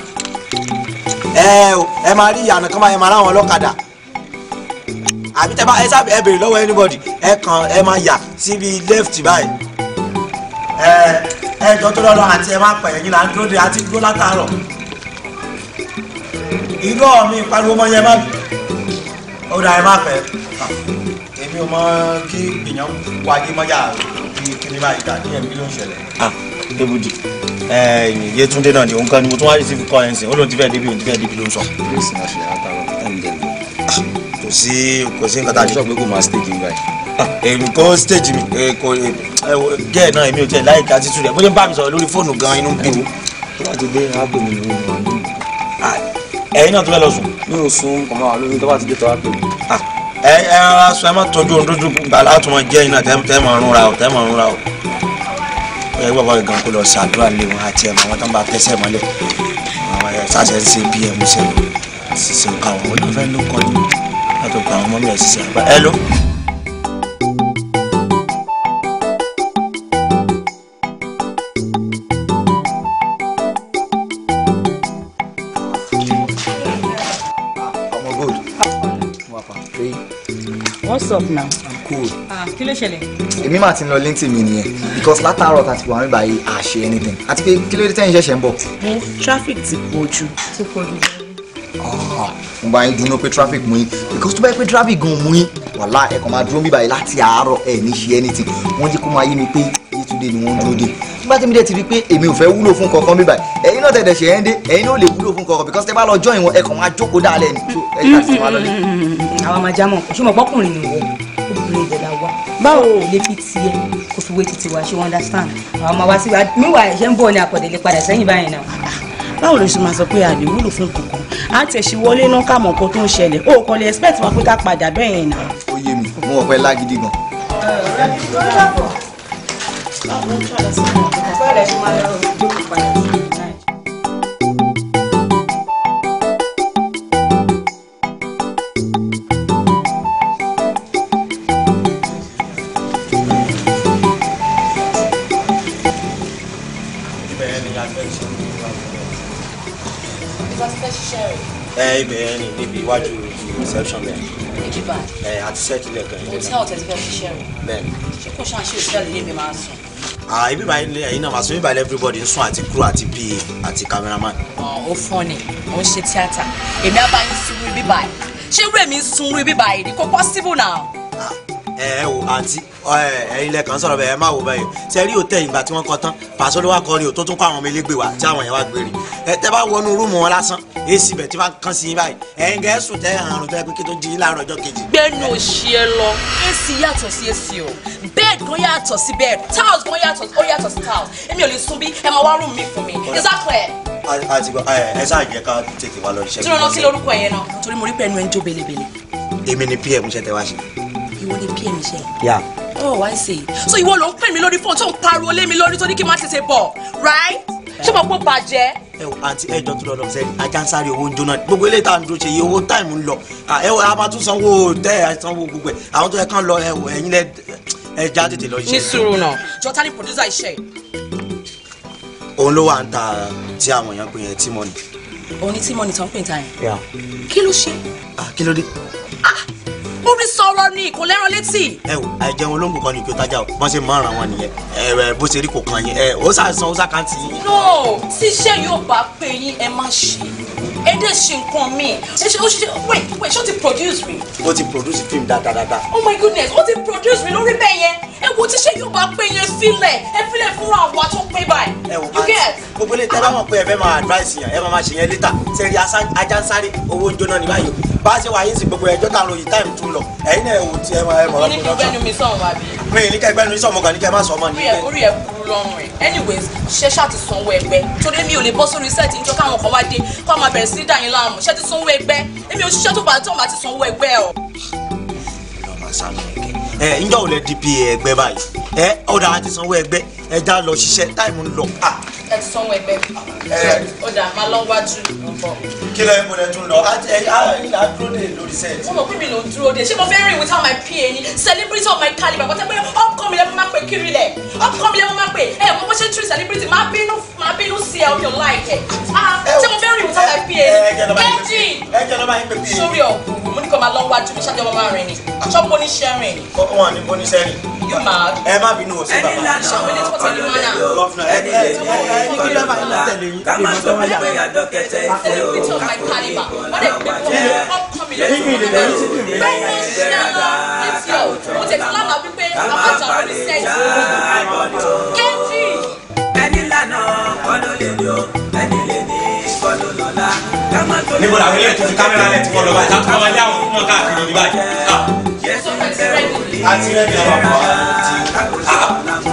S2: ẹ máa rí ìyànà kan máa yẹ máa ráwọn ọlọ́kadà àbí tẹ bá ẹ sábẹ ẹ béèrè lọ́wọ́ anybody ẹ kàn ẹ máa yà síbi left báyìí. ẹ ẹ jọ tó lọ́lọ́ àti ẹ máa pẹ̀yẹ́ yín là ń dúró de àti dúró látàárọ̀. irú ọ̀ mi ìpariwo mọ́ yẹn má bì ó dà ẹ má pẹ́ èmi ò mọ kí èèyàn wáyé mọ́jà bí kíní báyìí dà ní ẹ̀mí ló ń ṣẹlẹ̀. ah ebudi Yétúndé náà ni òun kan ni mo tún wáyé sí fi kọ́ ẹ̀ ń sìn ó lóun ti fẹ́ débi òun ti fẹ́ débi ló ń sọ kò sí kò sí nǹkan tá a lè. sọ pé kò máa stage yìí báyìí. *laughs* èrò kò stage mi kò gẹ́ẹ̀ náà èmi ò tiẹ̀ láì ká títú rẹ̀ bó bá mi sọ̀rọ̀ lórí fóònù gan inú bí mi. tó bá ti dé àgbè mi ni mo ní. ẹ̀yin náà tó fẹ́ lọ sùn. mi ò sun ọmọ àwọn olóyún tó bá ti dé tó wá pè mí. ẹ ẹ rárá sọ ẹ má tọjú ohun dúdú gbà láti mọ jẹ iná tẹ mọ ọrùn ra ọ tẹ mọ ọrùn ra ọ. ẹ bàbá gan kó lọ ṣàdúrà lé wọn àti ẹ̀mọ́ wọn bá tẹ́sẹ̀ mọ́lẹ̀ àwọn ẹ̀ sáṣẹ́ ṣe bí ẹ̀ ń ṣe lọ fẹ́ látọ̀gbà àwọn ọmọlúwà ṣiṣẹ́ àbá ẹ lọ.
S4: What's up now? I'm cool. Ah, kí ló ṣẹlẹ̀?
S2: Èmi máa ti ń lọ léńtì mi nìyẹn because látàárọ̀ tá ti wà ní báyìí àṣe anything àti pé kí ló dé tẹ́yìn ṣẹ̀ṣẹ̀ ń bọ̀. traffic ti pọ̀ jù. Ti pọ̀ jù
S1: mo
S2: bá yín dúró pé traffic mú yín because tó bá yẹ pé traffic gan mú yín wàhálà ẹ̀kan máa dúró bíbáyìí láti àárọ̀ ẹ̀ ní ṣe anything wọ́n jẹ́ kó máa yé mi pé yétúndé ni wọ́n ń dúró dé nígbà tí mi dẹ̀ ti rí pé èmi ò fẹ́ wúlò fún kankan bíbáyìí ẹ̀yin náà tẹ̀dẹ̀ ṣe ẹ́ ń dé ẹ̀yin náà lè wúlò fún kankan because tẹ́ bá lọ join wọn ẹ̀kan máa jókòó dáalẹ̀ ni tó
S4: ẹ̀ka sì máa lọ lé. àwọn máa já mọ̀ ṣùgbọ́n pọ́kùnrin ni wọ́n obìnrin ìdẹ̀là wa báwo ò lè fi tiẹ̀ kó fi wé títí wa ṣé wọ́n understand àwọn ọmọ wa sí wa míwà ẹ̀ṣẹ̀ ń bọ̀ ní àpọ̀dé lè padà sẹ́yìn báyìí náà. báwo ló ṣe máa sọ pé àlè wúlò fún kankan á tẹ̀sí wọlé náà kà mọ̀ nǹkan tó ń ṣẹlẹ̀ o kò lè expect wọn pé ká padà bẹ́ẹ̀ yẹn náà. ó yé mi mo wọ̀ pẹ́ lágídí
S1: gan. ọ̀rẹ́ mi ló ń bọ̀.
S2: ibẹ̀ yẹn ni níbi iwájú reception bẹ́ẹ̀. ìjìbá ẹ àti sẹ́kìlẹ̀ kan. hotel
S4: tẹ̀sí fẹ́ ṣiṣẹ́ rẹ̀.
S2: bẹ́ẹ̀. ṣé
S4: kò ṣáà ṣe hotel ilé mi máa sùn.
S2: ah ibi ìbá ilé ẹ̀yin náà màá sọ ibi ìbá ilé everybody ń sùn àti crew àti pa àti cameraman.
S4: Oh, ó fún ọ ni ó ń ṣe tíátà èmi á bá yín sunwó ibi báyìí ṣé irú èmi ń sunwó ibi báyìí kò possible now
S2: ẹ wò àǹtí ẹ̀yin lẹ́kàn sọ̀rọ̀ bẹ́ẹ̀ ẹ má wò bẹ́ẹ̀ ṣe rí òtẹ́ ìgbà tí wọ́n kọ tán pàṣẹ ló wá kọrin òtó tún kọ àwọn ọmọ elégbè wa tí àwọn yẹn wá gbèrè ẹ tẹ́ bá wọnú rúùmù wọn lásán èsì bẹ̀ tí wọ́n kàn sí yín báyìí ẹ̀yin gẹ̀ sùn tẹ́ àrùn tó yẹ pé kí tó di yín láàárọ̀ ọjọ́ kejì.
S4: gbẹ́nu òṣì ẹ lọ èsì yàtọ̀ sí èsì o bed kan yàtọ̀ sí bed tiles kan yàtọ̀ ó yàtọ̀ sí tiles èmi ò lè sùn bí ẹ máa wá rúùmù mi fún mi is that clear.
S2: àti ẹ sáà jẹ ká tètè wá lọ iṣẹ́. tí wọn lọ sí lórúkọ yẹn náà torí mo rí pẹ̀lú ẹ ń jó belebele. èmi ni pm ṣe tẹ wá ṣe ìwọ ni pm ṣe. yà.
S4: ọ wá ṣe so ìwọ ló ń pè mí lórí fóònù tó ń pariwo lé mi lórí tó ní kí n má tètè bọ̀ right ṣé mo pọ bàjẹ́.
S2: ẹ wo àǹtí ẹ jọ tó lọ lọ sẹ ajá ń sáré owó ń jóná gbogbo eléyìí tá à ń dúró ṣe iye owó táìmù ń lọ ẹ wo a máa tún sanwó tẹ ẹ sanwó gbogbo ẹ àwọn tó yẹ kán lọ ẹ wò ẹyin lẹ ẹ já tètè lọ iṣẹ́. ní sùúrù náà
S4: jọta ni producer iṣẹ́.
S2: òun ló wà ń ta tí àwọn èèyàn pè yẹn tí mọ́ni.
S4: òun ni tí mọ́ni tán pè ń ta yẹn. kí ló ṣe.
S2: kí ló dé. Ah!
S4: mo fi sọ̀rọ̀ ni kò lẹ́rọ létí.
S2: ẹ o ẹ jẹun olóńgbò kan ní kí o tajà o bọ́n ṣe máa ń ra wọn nìyẹn ẹ ẹ bó ṣe rí kò kàn yín ẹ ó sà san ó sà kàn tì yín. no tí
S4: iṣẹ́ yóò bá pè yín ẹ má ṣe ẹ dẹ̀ ṣe nǹkan míì ẹ ṣe ó ṣe wait wait ṣé o ti produce mi.
S2: o ti produce film dáadáa.
S4: oh my goodness o ti produce mi lórí bẹ́ẹ̀ yẹn ẹ wo tíṣẹ́ yóò bá pè yẹn sílẹ̀ ẹ filẹ̀ fúnra wa tó pé báyìí. ẹ wò á
S2: gbogbo ilé tẹ́lá mọ̀ pé ẹ fẹ́ máa advice yẹn ẹ máa máa ṣe yẹn later ṣe rí ajá ń sáré owó ń jóná ní báyìí bá a ṣe wà gbogbo ẹjọ́ tá a ròyìn táìmù tún lọ ẹ̀yin náà ẹ̀wò tí ẹ máa ẹ̀ mọ̀ ọ́ ní kí gbẹ́nu mi sọ̀rọ̀ wá mi ní kí gbẹ́nu mi sọ̀rọ̀ kàn ní kí ẹ má sọ mọ́ ni. orí
S4: ẹ kúrú lọ́rùn ẹ anyways ṣe ṣáà ti sanwó ẹgbẹ́ torí mi ò lè bọ́ sórí sẹ́ẹ̀tì níjọ́ káwọn kan wá dé kó máa bẹ̀rẹ̀ sí í dà yín láàmú ṣé ti sanwó ẹgbẹ́ èmi ò ṣiṣẹ́ tó bá tó bá ti sanwó ẹgbẹ́ ọ.
S2: ẹ ǹjọ́ ò lẹ di bí ẹgbẹ́ báyìí ẹ ọ̀dà ẹja lọ ṣiṣẹ́ táìmù ń lọ. Ah. ẹ sanwó ẹgbẹ́
S4: ó dà máa lọ wájú ọ̀bọ̀.
S2: kí lóyún mo lè tún lọ á dúró dé lórí sẹ́ẹ̀tì. mo mọ̀ pé mi ló ń
S4: dúró dé ṣé mo fẹ́ rìn without my PA ni celebrity of my calibre kọ́tẹ́ pé upcoming lẹ́mú máa pè kiri lẹ̀ upcoming lẹ́mú máa pè ẹ̀ mo bó ṣe ń tiri celebrity máa bínú máa bínú sí ẹ omi ò láìkẹ́ ṣé mo fẹ́ rìn without my PA ni kẹ́jì sórí
S2: ọ̀gbùn mo ní kó máa lọ wájú mi ṣáájú ọmọ máa rìn ni ṣọ́pọ̀ oníṣẹ́ rìn. wọn ò ní bó ní sẹ́rìn. yóò máa. ẹ má bínú òsínbàbà. ẹni gọ́fìnà ẹni lè ní ìkọlọ́mọ ńlá ká má sọ pé pé àdọ́kẹ́tẹ́ ìfẹ́ o kàkó ní ìkọlọ́ wà jẹ́ yẹ́sù bẹ́ẹ̀ o ní ìṣẹ́
S1: àgbà káwùjọ làwọn ká má balẹ̀ já lọ́dọ̀. ẹni
S2: lànà kọ́lọ́ lè ní o ẹni lè ní kọ́lọ́ lọ́la
S1: ká má tó lè. níbo làwọn ilé tuntun
S2: kámẹ́rà rẹ̀ ti wọ́n lọ́wọ́ àti àwọn ajá àwọn fún wọn káàkiri ní
S1: báyìí. yẹ́sù bẹ́ẹ̀ o ní ìṣẹ́ àgbà káwùjọ làwọn.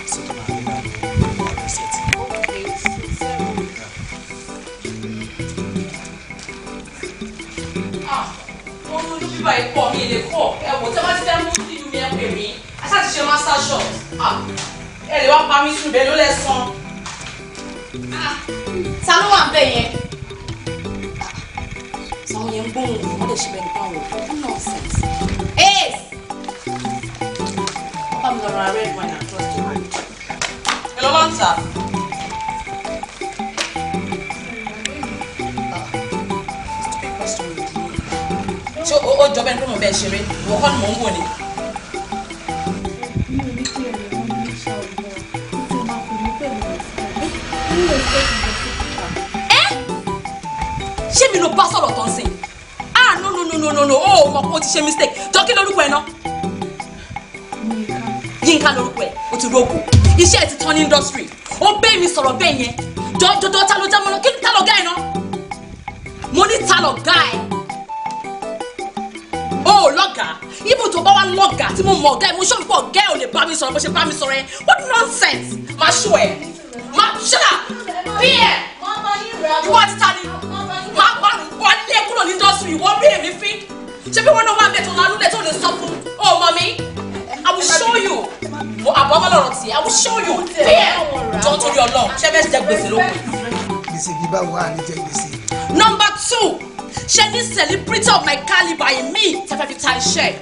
S4: wọn ní bíbá ipò mi lè kọ ẹ wò tẹ́ bá ti fẹ́ mú nínú mi ẹ pè mí aṣá ti ṣe master shot ẹ lè wá pa mí sùn bẹ́ẹ̀ ló lẹ san. ta ló wà ń bẹ yẹn. sàwọn yẹn ń gbóhùn wọn lè ṣe bẹ́ẹ̀ nípa wọn ó nà sẹẹsì. ace bá mi lọ ra red wine and trust you. ẹ lọ ó jọ bẹ́ẹ̀ pé mo bẹ́ẹ̀ ṣeré
S2: ìwọ kọ́ ni mò ń wò ni.
S4: ṣé mi ló bá sọ̀rọ̀ tó ń sìn ah no no no no no ó mọ̀ kó o ti ṣe mistake jọ kí lórúkọ ẹ náà yínká lórúkọ ẹ o ti rògbò iṣẹ́ ẹ ti tán ní industry ó bẹ́ẹ̀ mi sọ̀rọ̀ bẹ́ẹ̀ yẹn jọjọjọ ta ló já mọ́ lọ kí ni ta lọ gá ẹ náà mo ní ta lọ gá ẹ lọ́gàá ibo tó bá wá lọ́gàá tí mo mọ̀ ọ̀gá ẹ̀ mo ṣọ́ọ̀bù pọ̀ ọ̀gá ẹ̀ ò lè bá mi sọ̀rọ̀ bó ṣe bá mi sọ̀rọ̀ yẹn what nonsense ma ṣó ẹ̀ ma ṣọ́ra bí ẹ̀ ìwọ ti ta ni ma pa wọlé kúrò ní dọ́sù ìwọ bí èmi fi ṣé bí wọn náà wà bẹ́ẹ̀ tó lálúlẹ̀ tó lè sọ fún ọ mọ mi I will show you mo àbọ̀ ọmọ lọ́rọ̀ tì I will show you
S2: bí ẹ̀ jọ́ torí ọlọ́run ṣẹ́ bẹ́ẹ̀ ṣe jẹ gbèsè lóko. gbèsè bíbá wo a ní jẹ gbèsè.
S4: number two ṣé ní celebrity of my calibre yìí mí tẹ́fẹ́ fi ta iṣẹ́.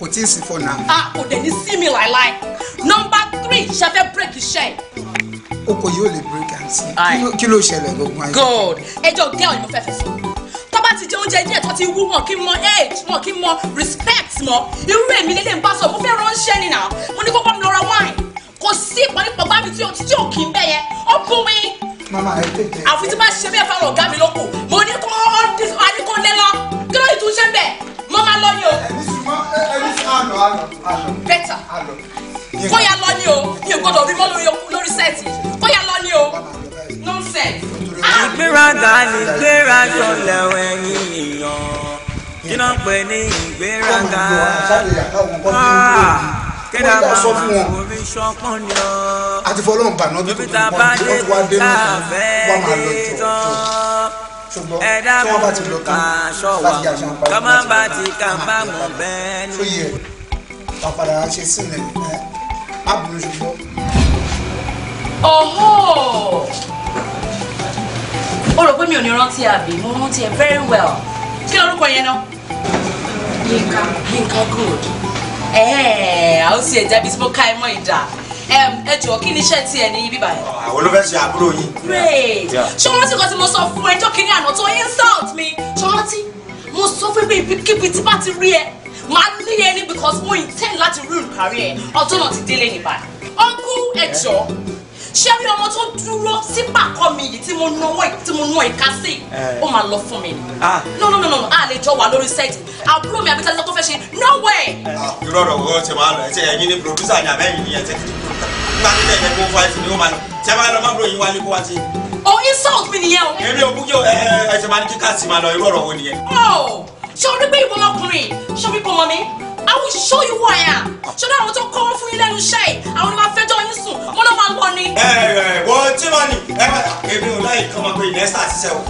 S2: kò tí ì sí fún náà.
S4: a kò dẹ̀ ní sí mi láéláé. nọmba three ṣe fẹ́ break iṣẹ́.
S2: oko yóò lè break àǹtí kí ló ṣẹlẹ̀ gbogbo ayé.
S4: good ẹjọ́ gẹ́ ọ̀yìn mo fẹ́ fi fún un ti jẹ oúnjẹ díẹ̀ tó ti wú wọn kí n mọ age wọn kí n respect mọ irú èmi lélẹ̀ ń bá sọ mo fẹ́ ránṣẹ́ ni nà mo ní kókó mi lọ́ra wine kò sí ìpọ́nlẹ́pọ̀ gbá mi tí o kì í bẹ̀ yẹn ó bú mi mama ẹ tètè. àfi tí bá ṣe bẹ́ẹ̀ fáwọn ọ̀gá mi lóko mo ní kó a ní kó lé lọ kí ló tún ṣe bẹ́ẹ̀ mo máa lọ ni o. ẹni sì mọ ẹni sì àlọ àlọ àlọ. bẹ́tà kóyà lọ ni o mi ò gbọdọ̀ rí mọ́ lórí sẹ́ẹ̀tì kóyà lọ ni o ah!
S2: ìgbéraga ni ìgbéraga lẹ́wọ̀n ẹ̀yìn èèyàn kí ló ń pè ní ìgbéraga kẹ́dà máa sọ fún wọn àti fọlọ́n bàná bí tó tó wọn bí wá dé nù wọn máa lọ jọ ṣùgbọ́n tí wọ́n bá ti lọ tán láti jà sàn parí wọn ti máa yẹ pàpàdà ṣe sílẹ̀ ẹ́ má bínú ṣùgbọ́n.
S4: ọ̀hún o rò pé mi ò ní rántí àbí mo rántí ẹ very well kí lorúkọ yẹn náà. Yinka, Yinka, good. Eh, a ó sì ẹja bíi tí mo ká ẹ mọ ìdá ẹ jọ kí ni iṣẹ́ tí ẹ ní bíbá yẹn. Ah,
S2: àwọn olófẹ́ ṣe àbúrò yín. great ṣọlá
S4: tí kò tí mo sọ fún ẹjọ́ kínní àná tó insult mi ṣọlá tí mo sọ fún pé ibikíbi tí bá ti rí ẹ màá ní ẹ ní because mo intend láti ruin career ọjọ́ náà ti délé ní uncle ẹjọ́ ṣé rí ọmọ tó dúró sí pàkọ́ mi yìí tí mo náwó tí mo ná ìka sí eh. ó máa lọ fún mi
S2: ah. ni no no no no
S4: a lè jọ wà lórí set àbúrò mi àbíta lọ́kọ́ fẹ́ ṣe nowhere. Ah,
S2: irọ́ ọ̀rọ̀ ọ̀rọ̀ ti máa lọ ẹ̀ ṣe ẹ̀yin ní producer ni àbẹ́yìn ni ẹ̀ ṣe kìtì nígbà tí ẹ̀yẹ kó fáìtì ni ó máa lọ ṣe máa lọ má bro yín wá ní kó wá sí.
S4: o oh, insult mi nìyẹn o. èmi ò búkí
S2: ẹ ẹ ṣe máa ní kíkà sí máa lọ irú ọ̀rọ̀ wo nìyẹn.
S4: Oh, ṣé o rí pé ìwọ ọkùnrin ṣé o rí pé ọmọ mi I will show you who I am. ṣọlá àwọn tó kọ́ fún yín lẹ́nu iṣẹ́ yìí àwọn ni máa fẹjọ́ yín sùn wọ́n lọ́ máa ń wọ ni. ẹ
S2: ẹ wọ́n tí wọ́n ní ẹ èmi ò láyè kọ́ máa pe ìnẹ́sà ti sẹ́wọ̀.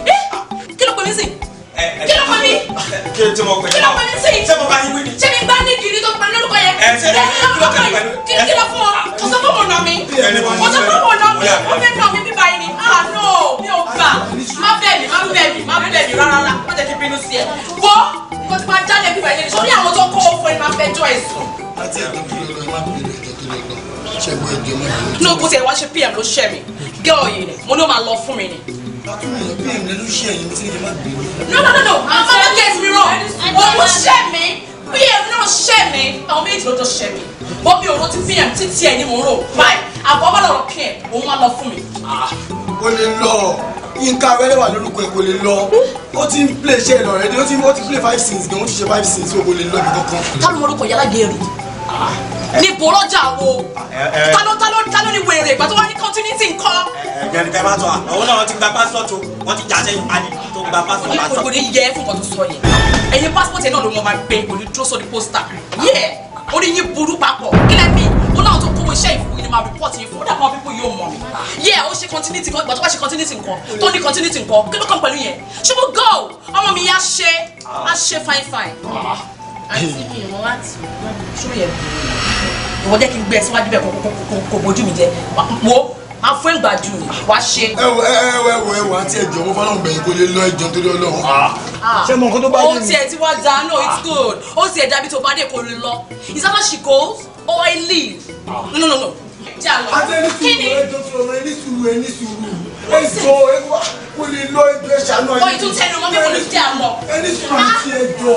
S2: kí ló pè mí sí i. Eh, eh, kí ló kọ mi. kí ló mọ pẹ̀lú. kí ló
S4: kọ ní sèyí. ṣé mo bá yín wí ni. ṣé mi gbá ní kiri tó pa lórúkọ yẹn. Eh, ẹ ṣe ní kí
S2: ló kọ pẹ̀lú. kí kí ló fún
S4: ọ kò sọ fún ọ̀nà mi. kò sọ fún ọ̀nà mi ó fẹ́ nà mí bíbá yìí ni. ah no mi ò gbà má bẹ̀ mí má bẹ̀ mí má bẹ̀ mí rárá rárá má jẹ́ kí bínú sí ẹ. wo kò tí máa jáde bíbá yìí sórí àwọn tó kó fún ẹ máa fẹ́ jọ ẹ̀sùn.
S1: àti ẹ̀dùn kí ló lọ ṣe gbọ́ ẹjọ́ mọ́. ní o kò
S4: tẹ̀ wá ṣe pm ló ṣẹ́ mi gẹ́ ọ̀yìn ni mo ní o máa lọ fún mi ni.
S1: No No no no no, mama don't get me wrong. Òun ṣẹ́
S4: mi, PM náà ṣẹ́ mi, àwọn méjì ló jọ ṣẹ́ mi.
S2: Bọ́ me. But we are not to be mò ń rò. Báyìí, àbọ̀
S4: bá lọ̀rọ̀ PM, òun máa lọ fún mi.
S1: Ó lè lọ nǹka abẹ́rẹ́ wà lórúkọ ẹ̀ kò lè lọ ó ti ń play iṣẹ́ ìlọrin ó ti play five sins gan ó ti ṣe five sins ó kò lè lọ ibi kankan.
S4: ká ló mọ orúkọ yàrá gẹ̀ẹ́rì. Ah, níbo lọ́jà wo tálọ́ tálọ́ tálọ́ ni wèrè ìgbà tó wá ní continuity nǹkan.
S2: ẹ̀ẹ́dẹ̀rẹ̀ tẹ́ bá sọ àwọn náà wọ́n ti gba pásítọ̀tù wọ́n ti jàṣẹ́ ìpàdé
S4: tó gba pásítọ̀tù. orí kòkòrò yẹ fún kan tó sọ yẹn ẹ̀yin pásítọ̀tù yẹn náà ló mọ máa gbé kò ní dúró sórí pósítà yẹ orí yín burú papọ̀ kílẹ̀ mi ó láwọn tó kówó iṣẹ́ ìfún yín ni máa report yín fún ó dàbọ̀ pípọ̀ yóò mọ̀ yẹ ó ṣe continuity kan ìgbà tó bá ṣe continuity nǹkan tó ní continuity nǹkan kí ló kàn pẹ̀lú yẹn ṣé mo go ọmọ mi yá ṣe á ṣe fine fine. Ah àti mi ìwọ̀n wá tì wọ́n ṣó yẹ bèrè ìwọ jẹ́ kí n gbé ẹ síwájú bẹ́ẹ̀ kò bójú mi jẹ wo máa fún ìgbà jù ní wá ṣe. ẹ wo ẹ
S1: wo ẹ wo ẹ wo àti ẹjọ́ mo fọlọ́run bẹ̀yìn kó lè lọ ẹjọ́ torí Ọlọ́run. ṣé mo nǹkan tó bá yé mi. o
S4: tiẹ̀ ti wá da no it's good o tiẹ̀ dàbí tó bá dé kó lè lọ is that how she goes or I leave. no no no. kí
S1: ni. ẹ ní sùúrù ẹ ní sùúrù ẹ ní sùúrù
S2: èso kò lè lọ ibi ẹ̀ṣà náà yìí. tẹnu mọ́ bí wọ́n ti dà mọ́. ẹni sọ̀rọ̀ ti ẹjọ́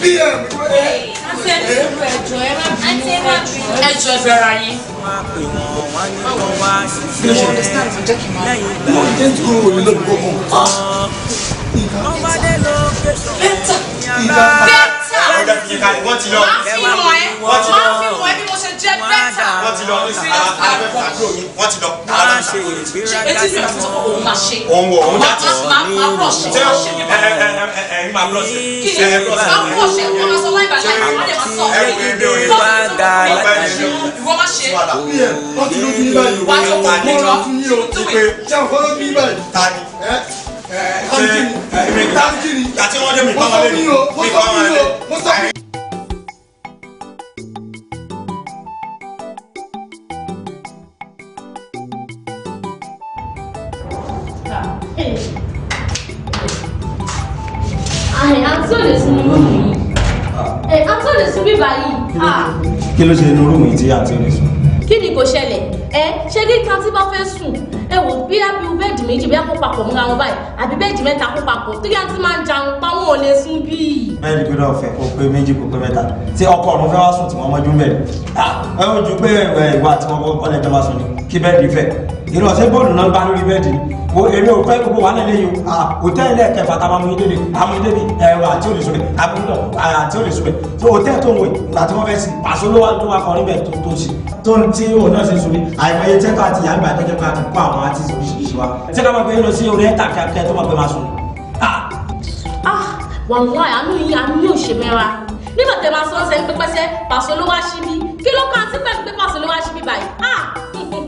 S1: bí ẹ ẹ.
S3: ẹjọ́ ẹ
S4: má bí ẹjọ́ ẹ bẹ̀rẹ̀ ayé.
S1: mo jẹ́ tí o lè lọ́dún kọ́kọ́. bẹ́ẹ̀
S4: tà.
S2: bẹ́ẹ̀ tà. wọ́n ti lọ. wọ́n ti lọ. wọ́n
S4: ti lọ ṣe bẹ́tà wọ́n ti lọ wọ́n
S2: ti lọ wọ́n ṣe ìgbéraga sí òun máa ṣe òun wọ̀ òun yàtọ̀ ní ìlú ṣe ẹ ẹ ẹ ẹ máa lọ sí ṣe ẹ lọ sí
S4: ṣe ẹ
S2: ìdè ìgbàgà látàrí wọ́n ti lù mí báyìí wọ́n ti lù mí o ìpè ṣé àwọn fọlọ́ mí báyìí tani ẹ ẹ ṣe ẹ mi ta àti wọ́n jẹ́ mi pàmò lẹ́nu mi pàmò lẹ́nu. Ah. kí ló ṣe inú rúùmù yìí tí àǹtí rẹ̀ sùn.
S4: kí ni kò ṣẹlẹ̀ ẹ ṣé kí kàǹtì bá fẹ́ sùn ẹ wò bí abiu bẹ́ẹ̀dì méjì bí akópa pọ̀ múra wọn báyìí àbí bẹ́ẹ̀dì mẹ́ta kópa pọ̀ tí kàǹtì máa ń jarun pa wọn ò lè sùn bíi.
S2: bẹ́ẹ̀ni pé náà fẹ́ kó pé méjì kó pé mẹ́ta tí ọkọ ọ̀run fẹ́ wá sùn tí wọ́n mọ́jú mẹ́rin ah, ẹ ojú pé ìwà tí wọ́n kọ́ èrò ọ̀sẹ̀ bóòlù náà bá lórí bẹ́ẹ̀dì o èrè o fẹ́ gbogbo wàhálà lẹ́yìn o hòtẹ́ẹ̀lì ẹ̀kẹfà tá a máa mú ilé ni àmú ilé ni ẹ̀rọ àti olùsùnbẹ̀ àbúrò àti olùsùnbẹ̀ tó hòtẹ́ẹ̀lì tó ń wò ìgbà tí wọ́n fẹ́ sí pàṣẹ olówó tó wà kọrin bẹ̀ tó ṣe tó ń tí òun náà ṣe sùn ní àìmọye tẹ́tọ́ àti yàgbà tẹ́jọ́ pé a ti kó àwọn àti oríṣiríṣi wa tí ká máa gbé lọ sí orí ẹ̀ta kíákíá tó máa gbé máa sùn.
S4: wàhálà ah, àánú yìí àánú yóò ṣe mẹ́ra nígbà tẹ́ máa sọ ọ́ sẹ́ pẹ́pẹ́sẹ́ pàṣẹ olówó àṣìbí kí ló kọ́ àti pẹ́ pé pàṣẹ olówó àṣìbí báyìí. Ah! *laughs*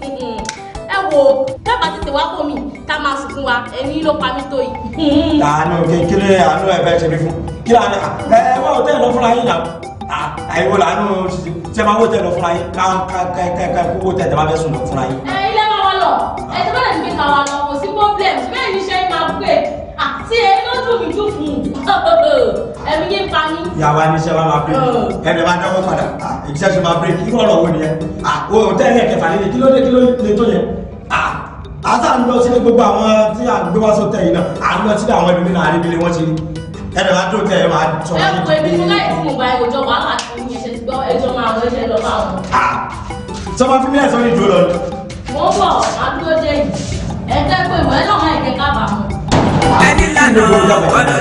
S4: ẹ wò ó dábàá tètè wá bò mí tá a máa sùn fún wa ẹni ló pa mí tó yìí. *laughs*
S2: àánú kékeré àánú ẹ bẹ ṣe mí fún kí ló àná ẹ wá òtẹ́ ẹ̀ lọ fúnra yín náà àìwò làánú ṣe máa wò tẹ́ lọ fúnra yín ká kó wò tẹ́ tẹ́ máa fẹ́ sùn lọ fúnra yín.
S4: ilé máa wá lọ ẹ ti bẹ́ẹ̀ níbi máa wá lọ kò sí problem bẹ́ẹ̀ ni iṣẹ́ máa pè àti ẹ ló dùn mí dùn fún un *laughs* yé pa mí.
S2: ìyàwó aníṣẹ́ wa máa bèrè ẹ̀rẹ̀ máa dáwọ́ padà ìṣẹ́ máa bèrè kí kọ́ ọ̀rọ̀ wo nìyẹn òtẹ́ẹ̀lì ẹ̀kẹfà nílé kí ló dé kí ló lè tó yẹn a àtà ń lọ sílé gbogbo àwọn tí à ń gbé wá sóòtẹ́ yìí náà à ń lọ sílé àwọn ẹbí mi náà àríbílẹ̀ wọ́n ti rí ẹ̀rọ máa dùn tẹ̀ ẹ̀ máa sọ. ẹ kò
S4: ebi tí láì fún ìgbà ìwòjọ wàhálà tó ń yẹ ṣe ti gbọ́ ẹjọ́ máa wọ ẹjẹ́ lọ máa wọn.
S2: sọmọ fún mi náà sọ ní ìdúró lọ.
S4: mo ń bọ̀ máa dúró dé yìí ẹ jẹ́ pé ìwé náà máa jẹ kábàámọ̀.
S2: ẹni lànà kọ́ ló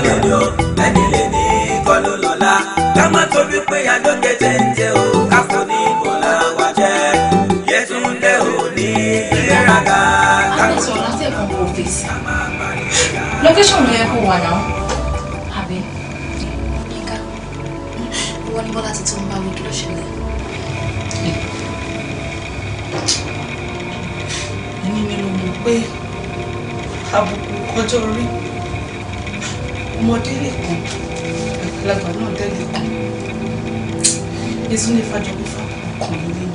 S2: lè ní o ẹni lè ní kọ́ ló lọ́la ká má tóbi pé adókè.
S4: please. Location ló yẹ kó wà náà. Àbí. Yínká, wọ́n ní Bọ́lá ti tún bá mi kí ló ṣẹlẹ̀. Ẹni mi ló go. pé àbùkù ọjọ́ orí ọmọdé lè kàn àgbàlagbà náà tẹ́lẹ̀ kàn. Jésù ní go. fún ọkùnrin lẹ́yìn.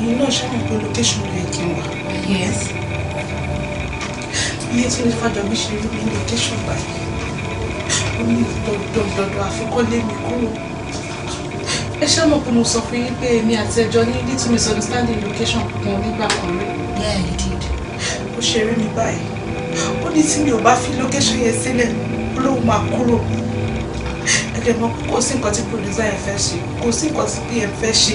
S4: Ìyẹn náà ṣàmùpé location ló yẹ kí n wà. Yes iye tí ní fàjọbí ṣe rí ní tẹsán báyìí ó ní dandandandan àfikọ́lé mi kúrò ẹ ṣe mọ̀ pé mo sọ fún yín pé èmi àti ẹjọ́ ní little misunderstanding location kan nígbà kan rí. yeah you did. ó ṣe rí mi báyìí ó ní tí mi ò bá fi location yẹn sílẹ̀ ó lóun máa kúrò ẹ̀dẹ̀ mọ̀ kò sí nǹkan tí producer yẹn fẹ́ ṣe kò sí nǹkan tí pm fẹ́ ṣe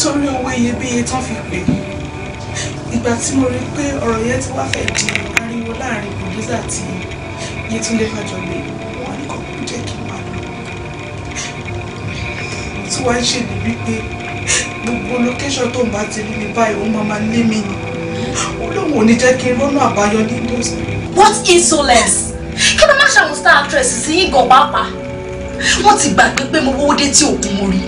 S4: torí owó iyebíye tán fi pè é ìgbà tí mo rí i pé ọ̀rọ̀ yẹn ti wá fẹ́ di Hamza àti Yétúndé Fájọlé wọn ní kò kí n máa lọ. Mo tún wá ń ṣèlérí pé gbogbo lókẹ́ṣọ̀ tó ń bá ti rí mi báyìí ó máa lé mi ni.
S2: Ó lóun ò ní jẹ́ kí n rọ́nà àbáyọ ní Dose.
S4: What insolence! Kí ló má ṣàwọn star actresses yìí gan pàápàá? Wọ́n ti gbàgbé pé mo wọ́wọ́ dé tí òkun mo rí.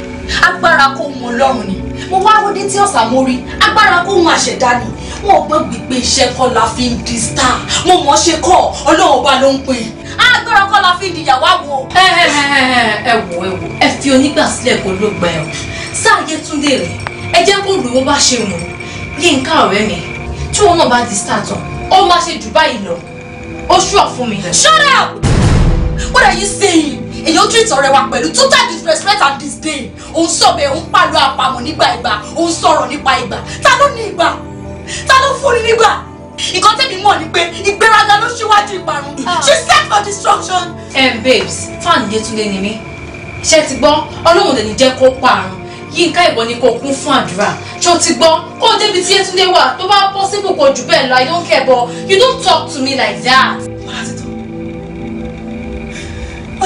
S4: Agbára kó wọn lọ́rùn ni. Mo wá wọ́dé tí ọ̀sà mo rí. Agbára kó wọn àṣẹ̀dá ni wọn ò gbàgbé pé iṣẹ́ kọ́ la fi ń di star mo mọ̀ ọ́ ṣe kọ́ ọlọ́run bá ló ń pin. agbára kọ́ la fi ń di ìyàwó àwò. ẹ ẹ ẹ wò ẹ wò ẹ fi onígbà sílẹ̀ kó ló gba ẹ̀wọ̀n sáà yẹtúndé rẹ̀ ẹ jẹ́ kó lù bá ṣe wù yínká ọ̀rẹ́ mi tí òun náà bá di star tán ó máa ṣe jù báyìí lọ ó ṣú shut up what are you saying èyí ó treat ọ̀rẹ́ wa pẹ̀lú total disrespect and disdain òun sọ̀bẹ̀ òun pàlọ́ àpamọ́ nígbà ìgbà òun sọ̀rọ̀ nípa ìgbà ta ló ní ìgbà ta ló fún ni nígbà nǹkan tẹ́mi mọ̀ ni pé ìgbéraga ló ṣíwájú ìparun ah. she set for destruction. ẹn eh, babes fan Yétúndé ni mí ṣe ti gbọ́ ọlọ́run lè ní jẹ́ kó parun yínká ìbọn ni kò kún fún àdúrà ṣó ti gbọ́ kó débi tí Yétúndé wà tó bá possible kó jù bẹ́ẹ̀ lọ i don't care but you don't talk to me like that. wàá ti tó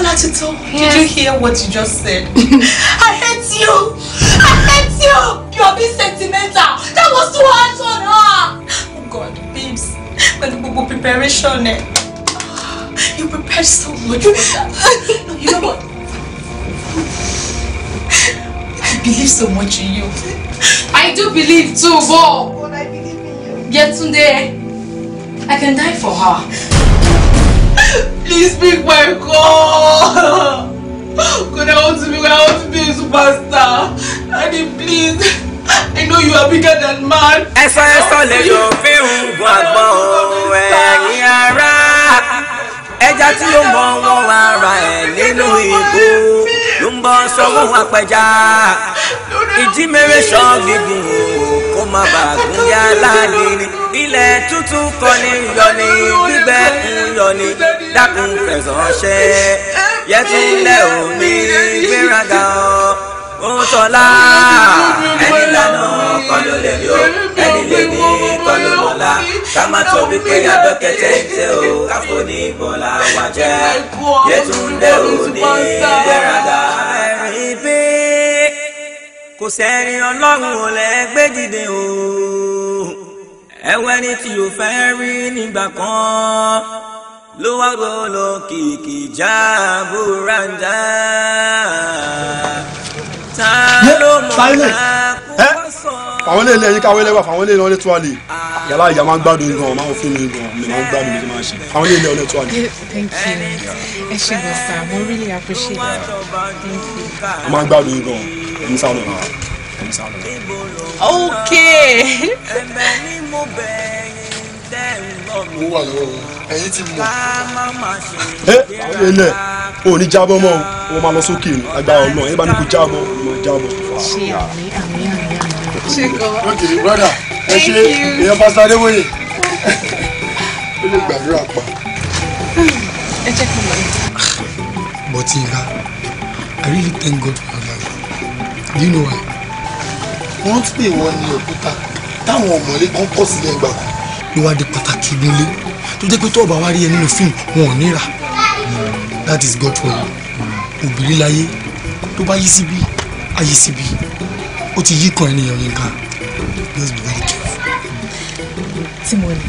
S4: Olatito, yes. did you hear what you just said? *laughs* I hate you! I hate you! You are being sentimental! That was too hard on her! Oh God, babes, when Google preparation, eh? You prepared so much for that. No, you know what? I believe so much in you. I do believe too, but... Well, I believe in you. Yetunde, I can die for her. Please pick my call. God, I want to be, I
S2: want to be a superstar. Daddy, please.
S1: I know you are bigger
S2: than man. Ẹ̀sọ́ ẹ̀sọ́ lè yọ fíhùn bọ́ àgbọ̀ ẹ̀yìn ara. Ẹja tí ó mọ wọn ara ẹ̀ nínú ìgò ló ń bọ́ sọ́wọ́ apẹja. Ìjímẹ̀rẹ̀ ṣọ́ gígùn kó má bàa gún yá láàrin. Ilẹ̀ tútù kọ́ni yọ ni gbígbẹ́ ń yọ ni dákun fẹ̀sán ṣe yẹtúndé omi gbéraga ó ń sọlá ẹni lànà kọlu lèmi o ẹni lèmi kọlu mọlá ká má tó wípé adọ́kẹ́ tẹ́tẹ́ o káfó ní bọ́lá wá jẹ́ yẹtúndé omi gbéraga. ẹ̀rín pé kò sẹ́ni ọlọ́run ò lẹ́gbẹ́ dìde o ẹ̀wẹ́ ni tí o fẹ́ rí nígbà kan ló wá gbọ́lọ́ kìkì já búrandá. ta ló mọ̀ náà
S1: kó sọ. fàwọn ilé ilé yín káwé lẹ́wà fàwọn ilé ilé àlè yàrá ìyá máa ń gbádùn gan máa ń fún mi gan mi máa ń gbádùn mi máa ń ṣe fàwọn ilé ilé àlè.
S4: thank you ẹ ṣe bọ̀ sá mo really appreciate that thank you.
S2: a máa ń gbádùn gan ẹni sáà lọ́nà ẹni sáà lọ́nà.
S1: okay owó wà lọ́wọ́ wọn ẹ̀yin ti mọ̀.
S2: ẹ àwọn ilẹ̀ ò ní jábọ́ mọ́ o máa lọ sókè ní agbára ọ̀nà ẹ bá ní
S1: kó jábọ́ ọ̀nà ok brother ẹ ṣe èèyàn pásítọ̀ adéwòye ó lè gbàdúrà pa. ẹ jẹ́ kí n mọ̀ ní. but Yinka I really thank God for your life do you know why. wọ́n ti pè wọ́n ní òkúta táwọn ọmọlé kan kọ́ sílẹ̀ gbàgbọ́ ló pàtàkì nílé tó jẹ́ pé tó ọba wá rí ẹ nínú fíìmù wọn ò níra that is God for you obìnrin láyé tó bá yí síbí ayé síbí ó ti yí kan ènìyàn yínká just be very careful.
S4: tí mo ní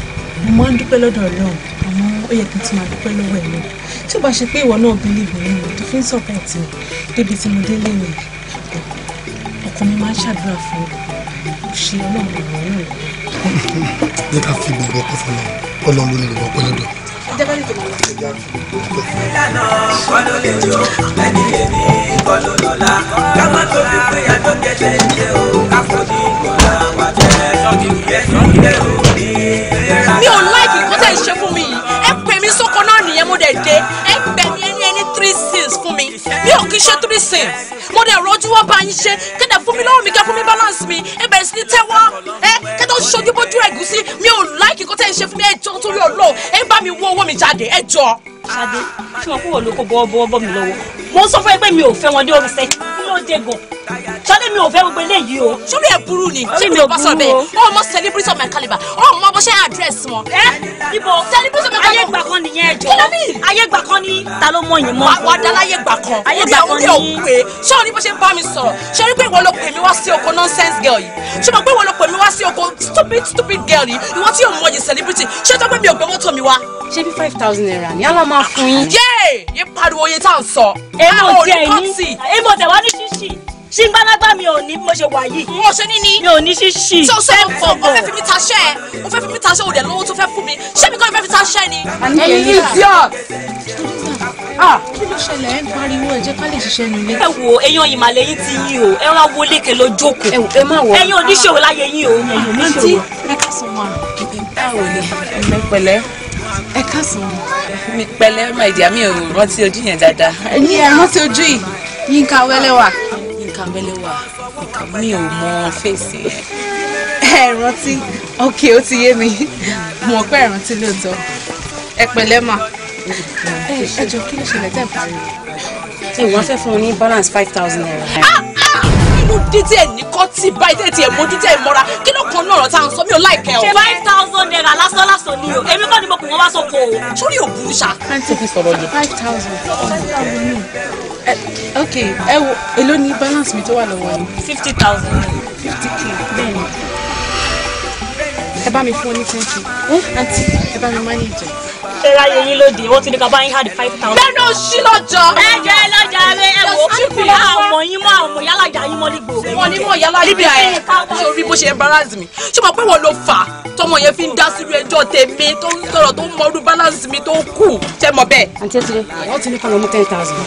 S4: mo máa ń dúpẹ́ lọ́dọ̀ ọlọ́run àmọ́ ó yẹ kí n tún máa dúpẹ́ lọ́wọ́ ẹ̀ náà tí ó bá ṣe pé ìwọ náà bílíìfù nínú mi tó fi ń sọ̀pẹ́ tì mí débi tí mo délé mi ọkọ mi máa ń ṣàdúrà fún ọ ṣe ọlọ́run ìwọ náà
S1: jẹ́ fi gbogbo ọkọ̀ fọlọ́ ọlọ́run ló ní gbogbo ọkọ̀ lọ́dọ̀.
S2: ìlànà kọ́ lè jó ẹni èmi kọ́ ló lọ́la ká má tóbi pé àjọ gẹ́gẹ́ ilé o ká kò ní kọ́lá wà jẹ́ sọ́kì ìgbẹ́ ilé o ní. mi ò
S4: láìkì kọ́tà ìṣe fún mi yìí ẹ pè mí sóko náà nìyẹn mo dẹ̀ dé kí n ṣe three sins mo dẹ̀ rọjú wá bá yín ṣe kẹ́dẹ̀ fún mi lọ́wọ́ mi kẹ́ fún mi balance mi ẹ bẹ̀rẹ̀ sí ní tẹ́wọ́ ẹ kẹ́tọ́ ṣojú bójú ẹ̀gúsí mi ò láìkì kó tẹ́ ẹ ṣe fún mi ẹjọ́ torí ọlọ́ ẹ bá mi wọ owó mi jáde ẹjọ́. ṣáde ṣé wọn kúrò lóko bọ́ọ̀bọ́ọ̀bọ́ mi lọ́wọ́ mo sọ fún ẹ pé mi ò fẹ́ wọn dé orí sẹ́kì kí ló dé gan sọlẹ mi ò fẹ́ gbogbo eléyìí o. sọlẹ ẹ burú ni tí mi ò bá sọ bẹ́ẹ̀ o mọ celebrity of my caliber. o mọ bó ṣe àdírẹ́sì wọn. ẹ ibo celebrity of my calibre. ayé gbà kan nìyẹn jọ ayé gbà kan ní. ta ló mọ yìí mọ. wà á dá láyé gbà kan. ayé gbà kan ní. o rí o pé bó ṣe ń bá mi sọ̀rọ̀ ṣe rí pé ìwọ ló pè mí wá sí oko nonsense girl yìí ṣe mọ̀ pé ìwọ ló pè mí wá sí oko stupid stupid girl yìí ìwọ tí yóò mọ yìí celebrity ṣé tó pé ṣé bí five thousand naira ni ala máa fún yín. yéè yé pariwo oye tá à ń sọ. èmo tẹ èmi èmo tẹ wá ní ṣíṣì ṣé gbálágbá mi ò ní mo ṣe wà yìí. mo ṣe ní ní. mi ò ní ṣíṣì. tó sọ ọ o fẹ́ fi mi ta ṣẹ́ ẹ o fẹ́ fi mi ta ṣẹ́ o dẹ̀ lówó tó fẹ́ fún mi ṣé mi kọ́ ló fẹ́ fi ta ṣẹ́ ni. ẹyin idiot. Ah. Ah. kí ló ṣẹlẹ̀ ẹ̀ ń pariwo ẹ̀ jẹ́ ká lè ṣiṣẹ́ nílé. ẹ wo eyín ọyìn màlẹ́ yín ti yín o ẹ rán wọlé kẹ lọ jókòó. ẹ má wọ ẹyin oníṣòwò láyé yín o. àǹtí ẹ kásán máa báwo ni ẹ pẹ̀lẹ́ ẹ kásán mi pẹ̀lẹ́ máa ìdí àmì òrántí ojú yẹn dáadáa. ẹ ní ẹ rántí ojú yìí yínká wẹ́lẹ́wà kàmbélé wà nìkan mi ò mọ fèsì *laughs* ẹ rántí ok ó ti yé mi *laughs* mo pẹ́ rántí lóòótọ́ ẹ pẹ̀lẹ́ mà ẹ jọ kí ló ṣẹlẹ̀ tẹ́ pariwo. ṣé ìwọ fẹ́ fún un ní balance five thousand naira. inú ah, ah! dídí ẹ̀ ní kọ́ tí báyìí tẹ̀ tiẹ̀ mójú tẹ̀ mọ́ra kí ló kan náà ọ̀rọ̀ tá à ń sọ mi ò láìkẹ́ o. five thousand naira lásán lásán ni o èmi kọ́ ni mo pè wọ́n wá sóko o sórí òbúrú ṣá. five thousand. five thousand ok ẹ wo èló ni balance mi tó wà lọ́wọ́ yìí. fifty thousand fifty k bẹ́ẹ̀ ni ẹ bá mi fún ọ ní ten k àǹtí ẹ bá mi manage fẹ́ ráyè yín lóde wọ́n ti ní ká bá yín hàdí five thousand. lẹ́nu oṣù lọ́jọ́. ẹ jẹ́ lọ́jà rẹ ẹ wò ó ti fi àmọ̀ yín mọ́ àmọ̀ yálà ìyá yín mọ́ ní gbòòrò yín. wọ́n ní mọ̀ yálà ìyá ẹ̀ sórí bó ṣe embarrass mi ṣé mo pé wọ́n ló fà á tọmọ yẹn fi ń dá sírú ẹjọ́ tèmi tó ń sọ̀rọ̀ tó ń mọrú balance mi tó kù ṣe mọ̀ bẹ́ẹ̀. àǹtí ẹ ti rẹ wọ́n ti ní kọ́ lọ́mú ten thousand.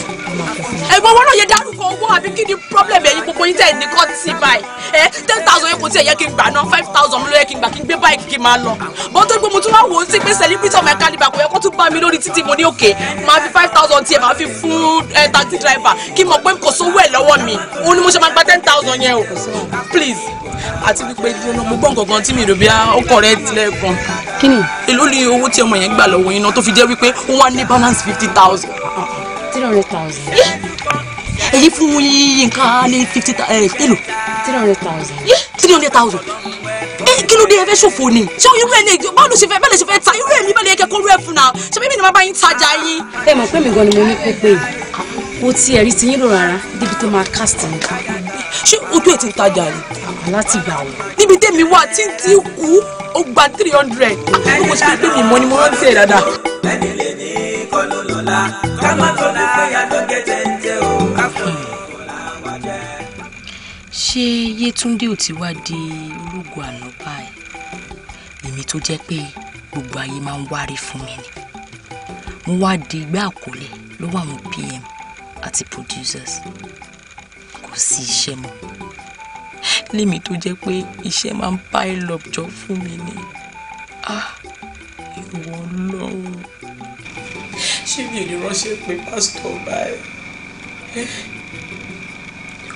S4: ẹ̀wọ̀n wọn náà yẹ dárúkọ owó àbí kí ni problem ẹ̀yin gbogbo yín tẹ̀ ní kọ́ ti báyìí ẹ ten thousand yẹn kò tiẹ̀ yẹ kí n gbà náà five thousand mi ló yẹ kí n gbà kí n gbé báyìí kí n máa lọ bọ́n tó gbé mo wò ó sí pé celebrity ọmọ ẹ̀ka nígbà kò yẹn kó tún gbá mi lórí títì mo ní òkè máa fi five thousand tiẹ̀ máa fi fún taxi driver kí n mọ̀ pé kò sówó ẹ̀ lọ́wọ́ mi ó ní mo ṣe máa gba ten thousand yẹn o please àti wípé dúró mo gbọ́ nǹkan kan tí mi rò bí ọkọ rẹ tilẹ̀ gan. kí ni. èló ni owó tí ọmọ yẹn gbà lọ́wọ́ yín náà tó fi jẹ́ wípé ó wá ní balance fifty thousand. three hundred thousand èyí fún nǹkan ní fifty tẹ́lò. Eh, three hundred thousand. yé three hundred thousand. Eh, kí ló dé ẹ fẹ́ ṣòfò ni. ṣé irú ẹ̀ ní báwo ló ṣe fẹ́ bẹ́ẹ̀ lè ṣe fẹ́ ta irú ẹ̀ ní bẹ́ẹ̀ lè kẹ́ kó rú ẹ̀ fún náà ṣé bíbí ni bàbá yín tajà yín. ẹ mọ̀ pé mi gan ni mo ní pépé yìí mo ti ẹ̀rí ti yín lò rárá débi tó máa cast mi ká. ṣé ojú ẹ̀ ti ń tajà ni. láti gbà wọ. níbi tẹ́mi wà tí ń ti kú ó gba three hundred. àkókò ṣe pé mi mọ́ ni mo rántí ẹ̀ dáadáa. bẹ́ẹ̀ lè ní kọ́lù ṣé yétúndé ò ti wá di ológo àná báyìí èmi tó jẹ́ pé gbogbo ayé máa ń wárí fún mi ni mo wá di igbá àkọlé lọ́wọ́ àwọn pm àti producers kò sí iṣẹ́ mọ́ lémi tó jẹ́ pé iṣẹ́ máa ń pile up jọ fún mi ni ah ìwọ ọlọ́run
S2: ṣé mi ò lè ránṣẹ́ pé pásítọ̀ báyìí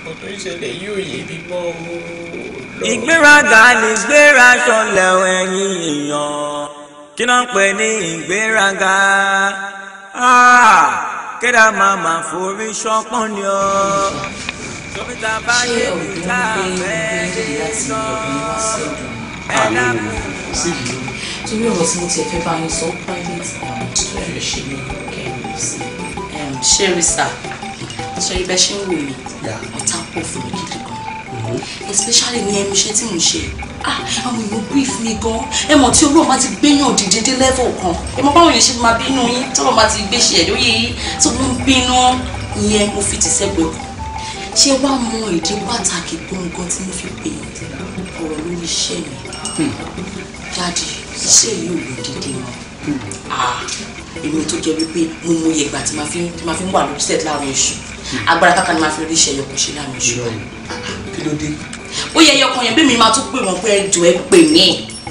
S2: kò tó ṣẹlẹ̀ yóò yé mi
S4: ìgbéraga ni gbéra
S2: ṣọlẹ̀ ẹ̀yin èèyàn kí náà ń pè ní ìgbéraga ah, kéda máa ma forí ṣọpọ́n ni ọ́ sọ́kítà báyé mi ta fẹ́ẹ́ lọ ẹ̀dá
S4: mi. torí ọ̀rọ̀ tí mo ti fẹ́ bá yín sọ private um, tó ẹ̀rọ ṣe mí kẹ́rin sí. Um, ṣé rí sáà ṣe ibẹ̀ ṣe ń wò mí ọ̀tá pọ̀ fún mi gidi gan mm-hmm. especially ní ẹnu iṣẹ́ tí mo ṣe ah, àwọn èèyàn brief mi gan ẹ mọ̀ tí olóòmà ti gbéyàn dìde dé level kan ẹ mọ̀ báwọn èèyàn ṣe máa bínú yín tọ́lọ́ máa ti gbé ṣe ẹ̀dóyè yín tó ń bínú ìyẹn mo fi ti sẹ́gbẹ̀ẹ́ ṣé wàá mọ ìdí pàtàkì gbọ̀ngàn tí mo fi pè é ọ̀rọ̀ lórí iṣẹ́ mi hmm. jáde iṣẹ́ yìí ò lè dìde mọ́ hmm. ah, èmi tó jẹ́ wípé mo mọ iye ìgbà tí máa fi ń wà lórí set láàrin oṣù agbára kankan ni máa fi rí iṣẹ́ ẹyọkàn ṣe
S2: láàmì ìṣòro. kí ló dé.
S4: ó yẹ ẹyọkàn yẹn bí mi máa tún pè wọ́n pé ẹjọ́ ẹ pè mí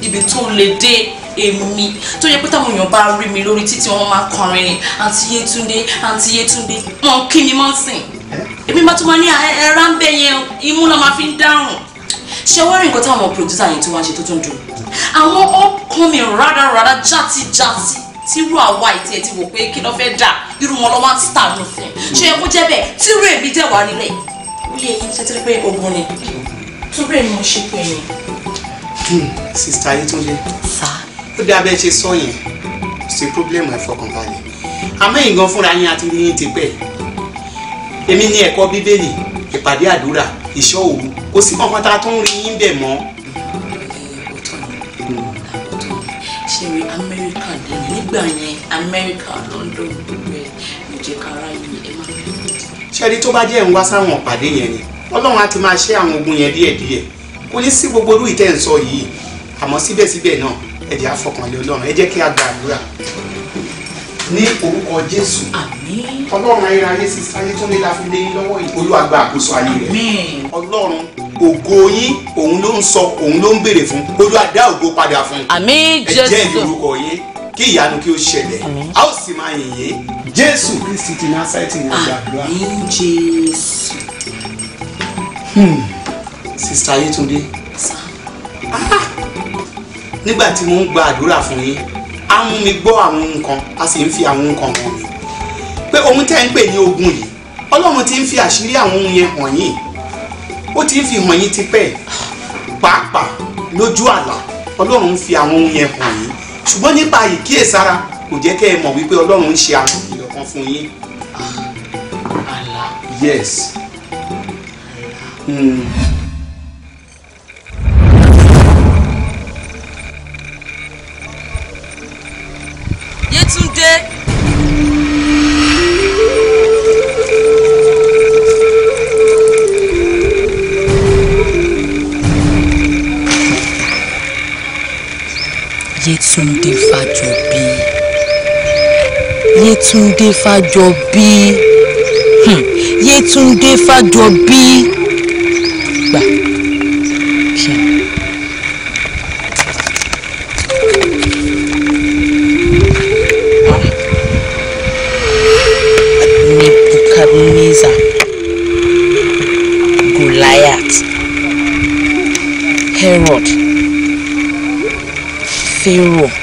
S4: ibi tó lè dé èmi tó yẹ pé táwọn èèyàn bá rí mi lórí títí wọn máa kọrin ni àǹtí Yétúndé àǹtí Yétúndé wọn kí ni mọ́ sìn èmi bá tún wá ní ẹ̀rá ń bẹ yẹn imú náà máa fi ń dáhùn ṣé wọ́n rí nǹkan táwọn producer yẹn tó wá ṣe tó tún dùn àwọn ó kún mi rádaràda játijàti tírú àwa ìtì ẹ̀ ti wò pé kí ló fẹ́ dà irú wọn lọ́wọ́ ti tà nù fún ṣé ẹ kó jẹ́ bẹ́ẹ̀ tírú èmi dẹ̀ wà nílẹ̀ wíyẹ yìí ṣe ti pé ogun ni túbú èmi mo ṣe pé ni.
S2: Hmm, sista Ayétúndé ó dé abẹ́ ṣe sọ yẹn kò sí pírọ́blẹ́mù ẹ̀ fọkànbalẹ̀ àmọ́ ìgan fúnra yín àti yín ti pẹ́ èmi ní ẹ̀kọ́ bíbélì ìpàdé àdúrà ìṣọ́ òru kò sí kankan tá a rí yín bẹ̀ mọ́
S4: nígbà yẹn amẹ́ríkà london gbogbo ẹ̀ ìjẹ́ kára yìí ẹ máa fi wọ́n.
S2: ṣẹ́ni tó bá jẹ́ ń wá sáwọn ọ̀pàdé yẹn ni ọlọ́run á ti máa ṣe àwọn ogun yẹn díẹ̀díẹ̀ kò ní sí gbogbo orú ìtẹ́ ń sọ yìí àmọ́ síbẹ̀síbẹ̀ náà ẹ jẹ́ àfọkànlé ọlọ́run ẹ jẹ́ kí a gbàdúrà ní orúkọ jésù ọlọ́run ayérayé sí sáyé tó lé la fi lé lọ́wọ́ yìí olúwa gba àkóso ayé rẹ̀ ọlọ́run
S3: ògo yín òun ló ń sọ òun ló ń béèrè fún olúwa dá
S2: ògo padà fún
S4: ẹ jẹ́ ìlú orúkọ
S2: yín kí ìyanu kí ó ṣẹlẹ̀ a ó sì máa yìn yín jésù kristi ti násàìtì wọn gbàdúrà. àmín jésù. Hmm. sista yetunde ah! nígbà tí mo ń gba àdúrà fún yín á mú mi gbọ́ àwọn nǹkan a sì ń fi àwọn nǹkan hàn mí pé ohun tẹ́ ń pè ní ogun yìí ọlọ́run ti ń fi àṣírí àwọn ohun yẹn hàn yín ó ti ń fi hàn yín tipẹ́ pàápàá lójú àlá ọlọ́run ń fi àwọn ohun yẹn hàn yín ṣùgbọ́n nípa ìkíyèsára kò jẹ́ kẹ́ ẹ mọ̀ wípé ọlọ́run ń ṣe àwọn èèyàn fún yín. yes.
S1: Mm.
S4: Yétúndé Fájọbí hmm. Yétúndé Fájọbí gbà. Nebuchadnezzar Goliath Herod Pharaoh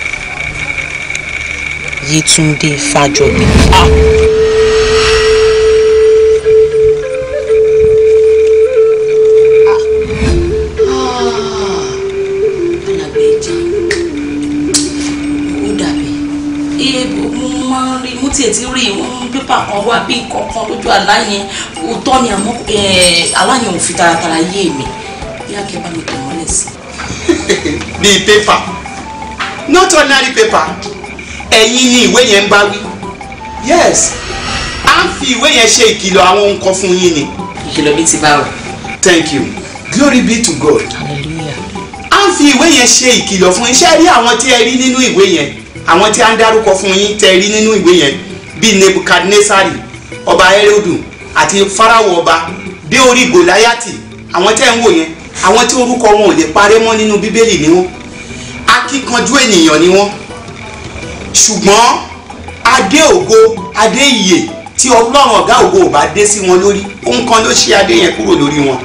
S4: Túndé Fájọbí. Ah. Ah. pépà kan wá bí kankan lójú aláyẹn òótọ́ ni àmọ́ eh,
S2: aláyẹn ò fi taratara yé mi bí akẹ́bá mi tẹ̀ mọ́lẹ̀ sí. bíi pépà not ordinary paper ẹ̀yin ni ìwé yẹn ń bá wí yes a ń fi ìwé yẹn ṣe ìkìlọ̀ àwọn ohun fún yín ni. ìkìlọ̀ bíi ti báwo. thank you glory be to God. a ń fi ìwé yẹn ṣe ìkìlọ̀ fún yín rí àwọn tí ẹ rí nínú ìwé yẹn àwọn tí a ń dárúkọ fún yín tẹ rí nínú ìwé yẹn bíi nebukadnesari ọba erodu àti farao ọba dé orí gòláyàtì àwọn tẹ́ ń wò yẹn àwọn tí orúkọ wọn ò lè parẹ́ mọ́ nínú bíbélì ni wọ́n akíkanjú ènìyàn ni wọ́n ṣùgbọ́n adé ògo adé ìyè tí ọlọ́run ọ̀gá ògo ò bá dé sí wọn lórí òun kan ló ṣe adé yẹn kúrò lórí wọn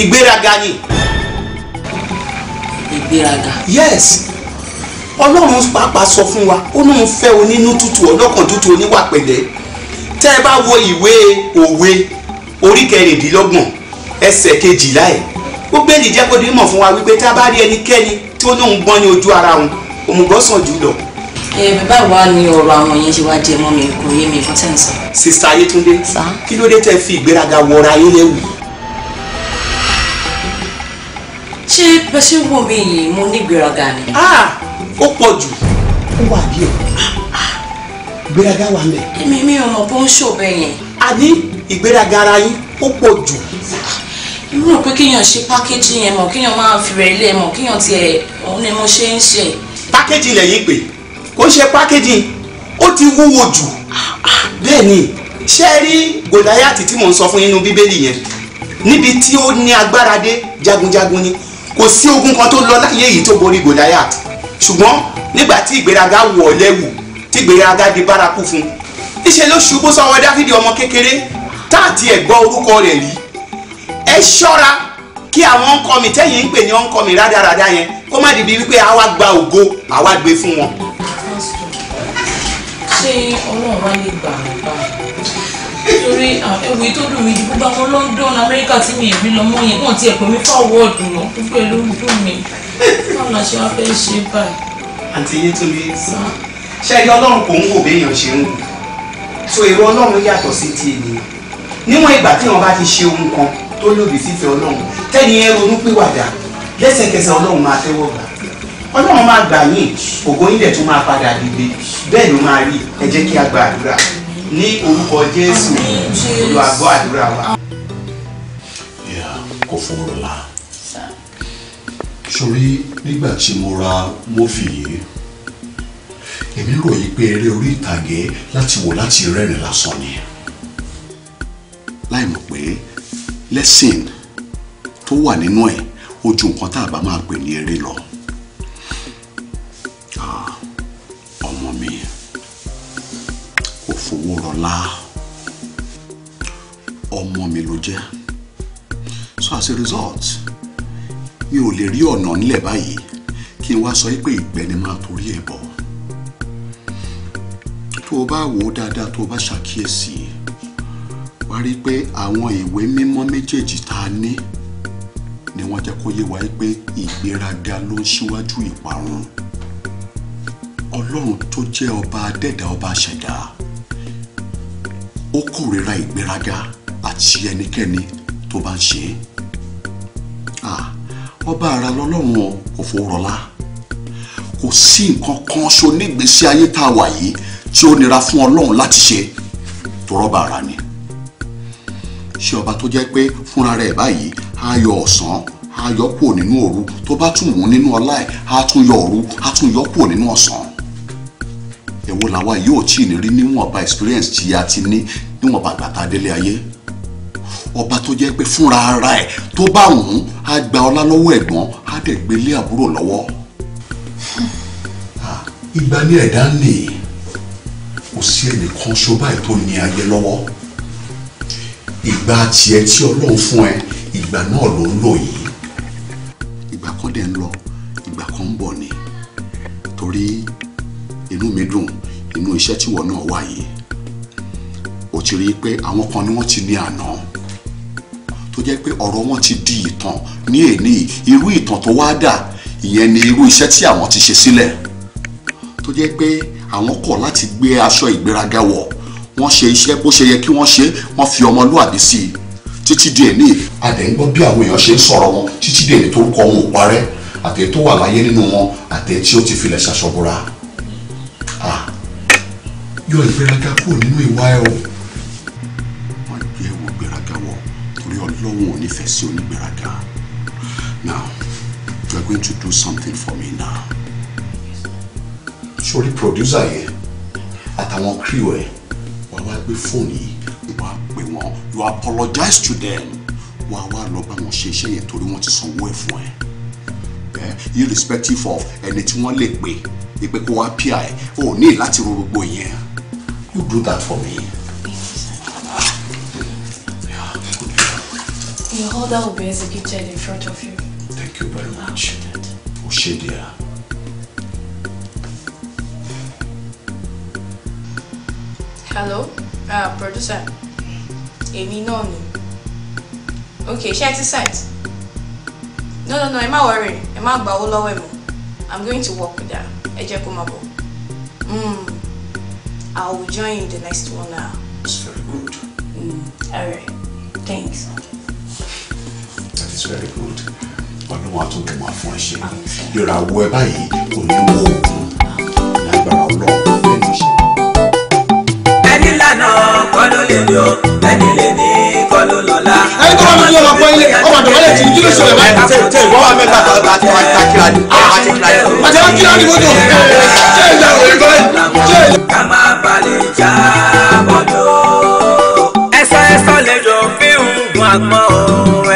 S2: ìgbéraga ni. ìgbéraga. yes ọlọ́run pàápàá sọ fún wa ó lóun fẹ́ onínú tútù ọlọ́kàn tútù oníwà pẹ̀lẹ́ tẹ́ ẹ bá wo ìwé òwe orí kẹrìndínlọ́gbọ̀n ẹsẹ̀ kejìlá ẹ̀ ó gbé ìdíjẹ́ kó dé mọ̀ fún wa wípé tá a bá rí ẹnikẹ́ni tí ó lóun gbọ́n ní ojú ara òun òmùgọ́sàn jù lọ ẹ bàbá wa ni ọ̀rọ̀ àwọn yẹn ṣe wá di ẹmọ mi kò yé mi fún tẹǹsán. sista Ayétúndé kí ló dé tẹ́ fi ìgbéraga wọra ayé lẹ́wù. ṣé bẹ ṣe wò yìí mo ní ìgbéraga ni. Ah, ó pọ̀ jù ó wà bí ẹ̀ ìgbéraga wà mẹ́.
S4: èmi mi ò mọ̀ bó ń ṣòbẹ̀ yẹn.
S2: a ní ìgbéraga ara yín ó
S4: pọ̀ jù irú rò pé kéèyàn ṣe pákéjì yẹn mọ̀ kéèyàn máa fi rẹ̀ lẹ̀ mọ̀ kéèyàn tiẹ̀
S2: òun ni mo ṣe ń ṣe. pákéjì lẹ́yìn pé kò ń ṣe pákéjì ó ti wúwo jù bẹ́ẹ̀ ni ṣé rí gòdáyàtì tí mò ń sọ fún yín nínú bíbélì yẹn níbi tí ó ní agbára dé jagunjagun ni kò sí ogun kan tó lọ láyé yìí tó borí gòdáyàtì ṣùgbọ́n nígbà tí ìgbéraga wọ̀ lẹ́wù tí ìgbéraga di bárakú fún un níṣẹ́ ló ṣubú sọ́wọ́ dáfídì ọmọ kékeré táàtì ẹ̀gbọ́ orúkọ rẹ̀ rí ẹ ṣọ́ra kí àwọn ọkọ mi tẹ́yìn ń pè ní ọkọ mi rádaràda yẹn kó má dìbí wípé àwa gba ògo àwa gbé fún wọn
S4: ṣé ọlọ́run wá lè gbà wọ́n báyìí nítorí ẹwì tó dùn mí ju gbogbo àwọn London Amẹ́ríkà tí mi ìrí lọ́mọ yẹn kàn tiẹ̀ pè mí fáwọ́ọ̀dù lọ púpẹ̀ ló ń dùn mí
S2: báwo la ṣe wá fẹ́ ṣe báyìí. àǹtí yé tó lè ṣe ẹyọ ọlọ́run kò ń wò béèyàn ṣe ń wò so èrò ọlọ́run yàtọ̀ sí ti ènìyàn níwọ̀n ìgbà tí wọ́n bá ti ṣe ohun kan tó lòdì sífẹ̀ẹ́ ọlọ́run tẹ́ni ẹ ronú pìwàdà lẹ́sẹ̀kẹsẹ̀ ọlọ́run máa tẹ́wọ́ gbà ọlọ́run máa gbà yín ògo yín dẹ̀ tún máa padà dìde bẹ́ẹ̀ ló máa rí ẹ jẹ́ kí a gba àdúrà ní orúkọ jésù olùwàgbọ́ àdúrà wa.
S3: kò fòrò la sórí nígbà tí mo ra mófì yìí èmi ròyìn pé eré orí ìtàgé láti wò láti rẹ́rìn lásán ni láì mọ̀ pé lẹ́sìn tó wà nínú ẹ̀ ó nǹkan tá a bá máa pè ní eré lọ. Fowórọlá ọmọ mi ló jẹ́ so as a result mi ò lè rí ọ̀nà nílẹ̀ báyìí kí n wá sọ pé ìgbẹ́ ni máa torí ẹ̀ bọ̀ tó o bá wò ó dáadáa tó o bá ṣàkíyèsí wá rí i pé àwọn ìwé mímọ́ méjèèjì tá a ní ni wọ́n jẹ́ kó yé wa pé ìgbéraga ló ń ṣíwájú ìparun ọlọ́run tó jẹ́ ọba adẹ́dàá ọba ṣẹ̀dá ó kórìíra ìgbéraga àti ẹnikẹ́ni tó bá ń ṣe é ọba ara lọ́lọ́run òfòrọ̀lá kò sí nǹkan kan ṣo nígbésí ayé tá a wà yìí tí ó nira fún ọlọ́run láti ṣe tọrọba ara ni ṣé ọba tó jẹ́ pé fúnra rẹ̀ báyìí á yọ ọ̀sán á yọ kúrò nínú òru tó bá tún wù nínú ọlá ẹ̀ á tún yọ òru á tún yọ kúrò nínú ọ̀sán èwo làwa yóò tí ì ní rí níwọ̀nba experience tí a ti ní níwọ̀n bàgbà tá a délé ayé ọba tó jẹ́ pé fúnra ara ẹ̀ tó bá wùn á gba ọlá lọ́wọ́ ẹ̀gbọ́n á dẹ̀ gbélé àbúrò lọ́wọ́ ah, ìgbà ní ẹ̀dá nì kò sí ẹnìkan ṣo báyìí tó ní ayé lọ́wọ́ ìgbà tiẹ̀ tí ọlọ́run fún ẹ ìgbà náà ló ń lò yìí ìgbà kan dẹ̀ ń lọ ìgbà kan ń bọ̀ ni torí inú mi dùn inú iṣẹ́ tí wọ́n náà wà ti rí i pé àwọn kan ni wọ́n ti ní àná tó jẹ́ pé ọ̀rọ̀ wọn ti di ìtàn ní èní irú ìtàn tó wá dà ìyẹn ni irú iṣẹ́ tí àwọn ti ṣe sílẹ̀ tó jẹ́ pé àwọn kọ̀ láti gbé aṣọ ìgbéraga wọ̀ wọ́n ṣe iṣẹ́ bó ṣe yẹ kí wọ́n ṣe wọ́n fi ọmọlúwàbí sí i títí di èní àdéhùn bí àwọn èèyàn ṣe ń sọ̀rọ̀ wọn títí di èní torúkọ wọn ò parẹ́ àtẹ tó wà láyé nínú wọn àtẹ tí ó ti filẹ̀ ṣaṣọ́bùra ah, yọ ìgbéraga kúrò nínú ìwà ẹ̀ o. ọlọ́run ò nífẹ̀ẹ́ sí onígbéraga now you are going to do something for me now. sori producer yẹn àtàwọn crew ẹ wàá wá gbé fóònù yìí wàá pè wọn you apologize to them wàá wá lọ bá wọn ṣe iṣẹ́ yẹn torí wọ́n ti sanwó ẹ̀ fún ẹ eh, irrespective of ẹni tí wọ́n lè pè é pé kó wá pí à ẹ o ní láti ro gbogbo yẹn you do that for me.
S4: You Your order will be executed in front of you.
S3: Thank you very much. Ushidia.
S4: Hello, uh, producer. Èmi náà Okay, ṣé ẹ site? No, no, no, ẹ má worry. Ẹ má gbà owó lọ́wọ́ I'm going to work with her. Ẹ jẹ́ hmm. I will join you the next one now. That's very good.
S3: Mm. All right. Thanks very good ọlọ́run àtúntò máa fún ẹ ṣe ìràwọ̀ ẹ báyìí kò ní wọ oògùn lágbára
S2: ọlọ́run lẹ́nu ṣe. ẹni lànà kọ́ ló lè ní o ẹni lè ní kọ́ ló lọ́la. ẹni tó bá máa yọ ọmọ ilé ọmọ àdàmọ́lẹ̀ tí kí ló ṣẹlẹ̀ báyìí. àti ìtẹ̀ ìwọ́n wa mẹ́ta tó ta ti wá ta kíra ni wọ́n ti kíra ni. àti wọ́n kíra ni wọ́n tó ṣe é ìyá òun kọ́ ṣe é. ká má balẹ̀ já bọ́dọ̀ ẹ̀sọ́ ẹ̀sọ́ lè jọ fíìmù
S4: àgbọ̀n rẹ̀.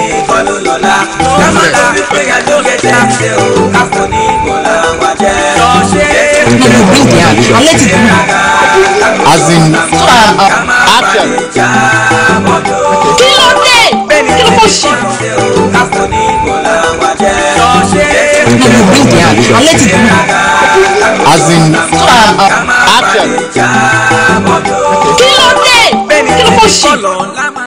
S1: lọ́la kámọ́lá péye lóge tí a ṣe o káfọ́ ní ìmọ̀lá wa jẹ́. Ìkìlọ̀ bíi ìdí àná, alẹ́ ti dùn. As in, action. Kí ló dé? Kí ló kò ṣe? Káfọ́ ní ìmọ̀lá wa jẹ́. Ìkìlọ̀ bíi ìdí àná, alẹ́ ti dùn. As in, action. Kí ló dé? Kí ló kò ṣe?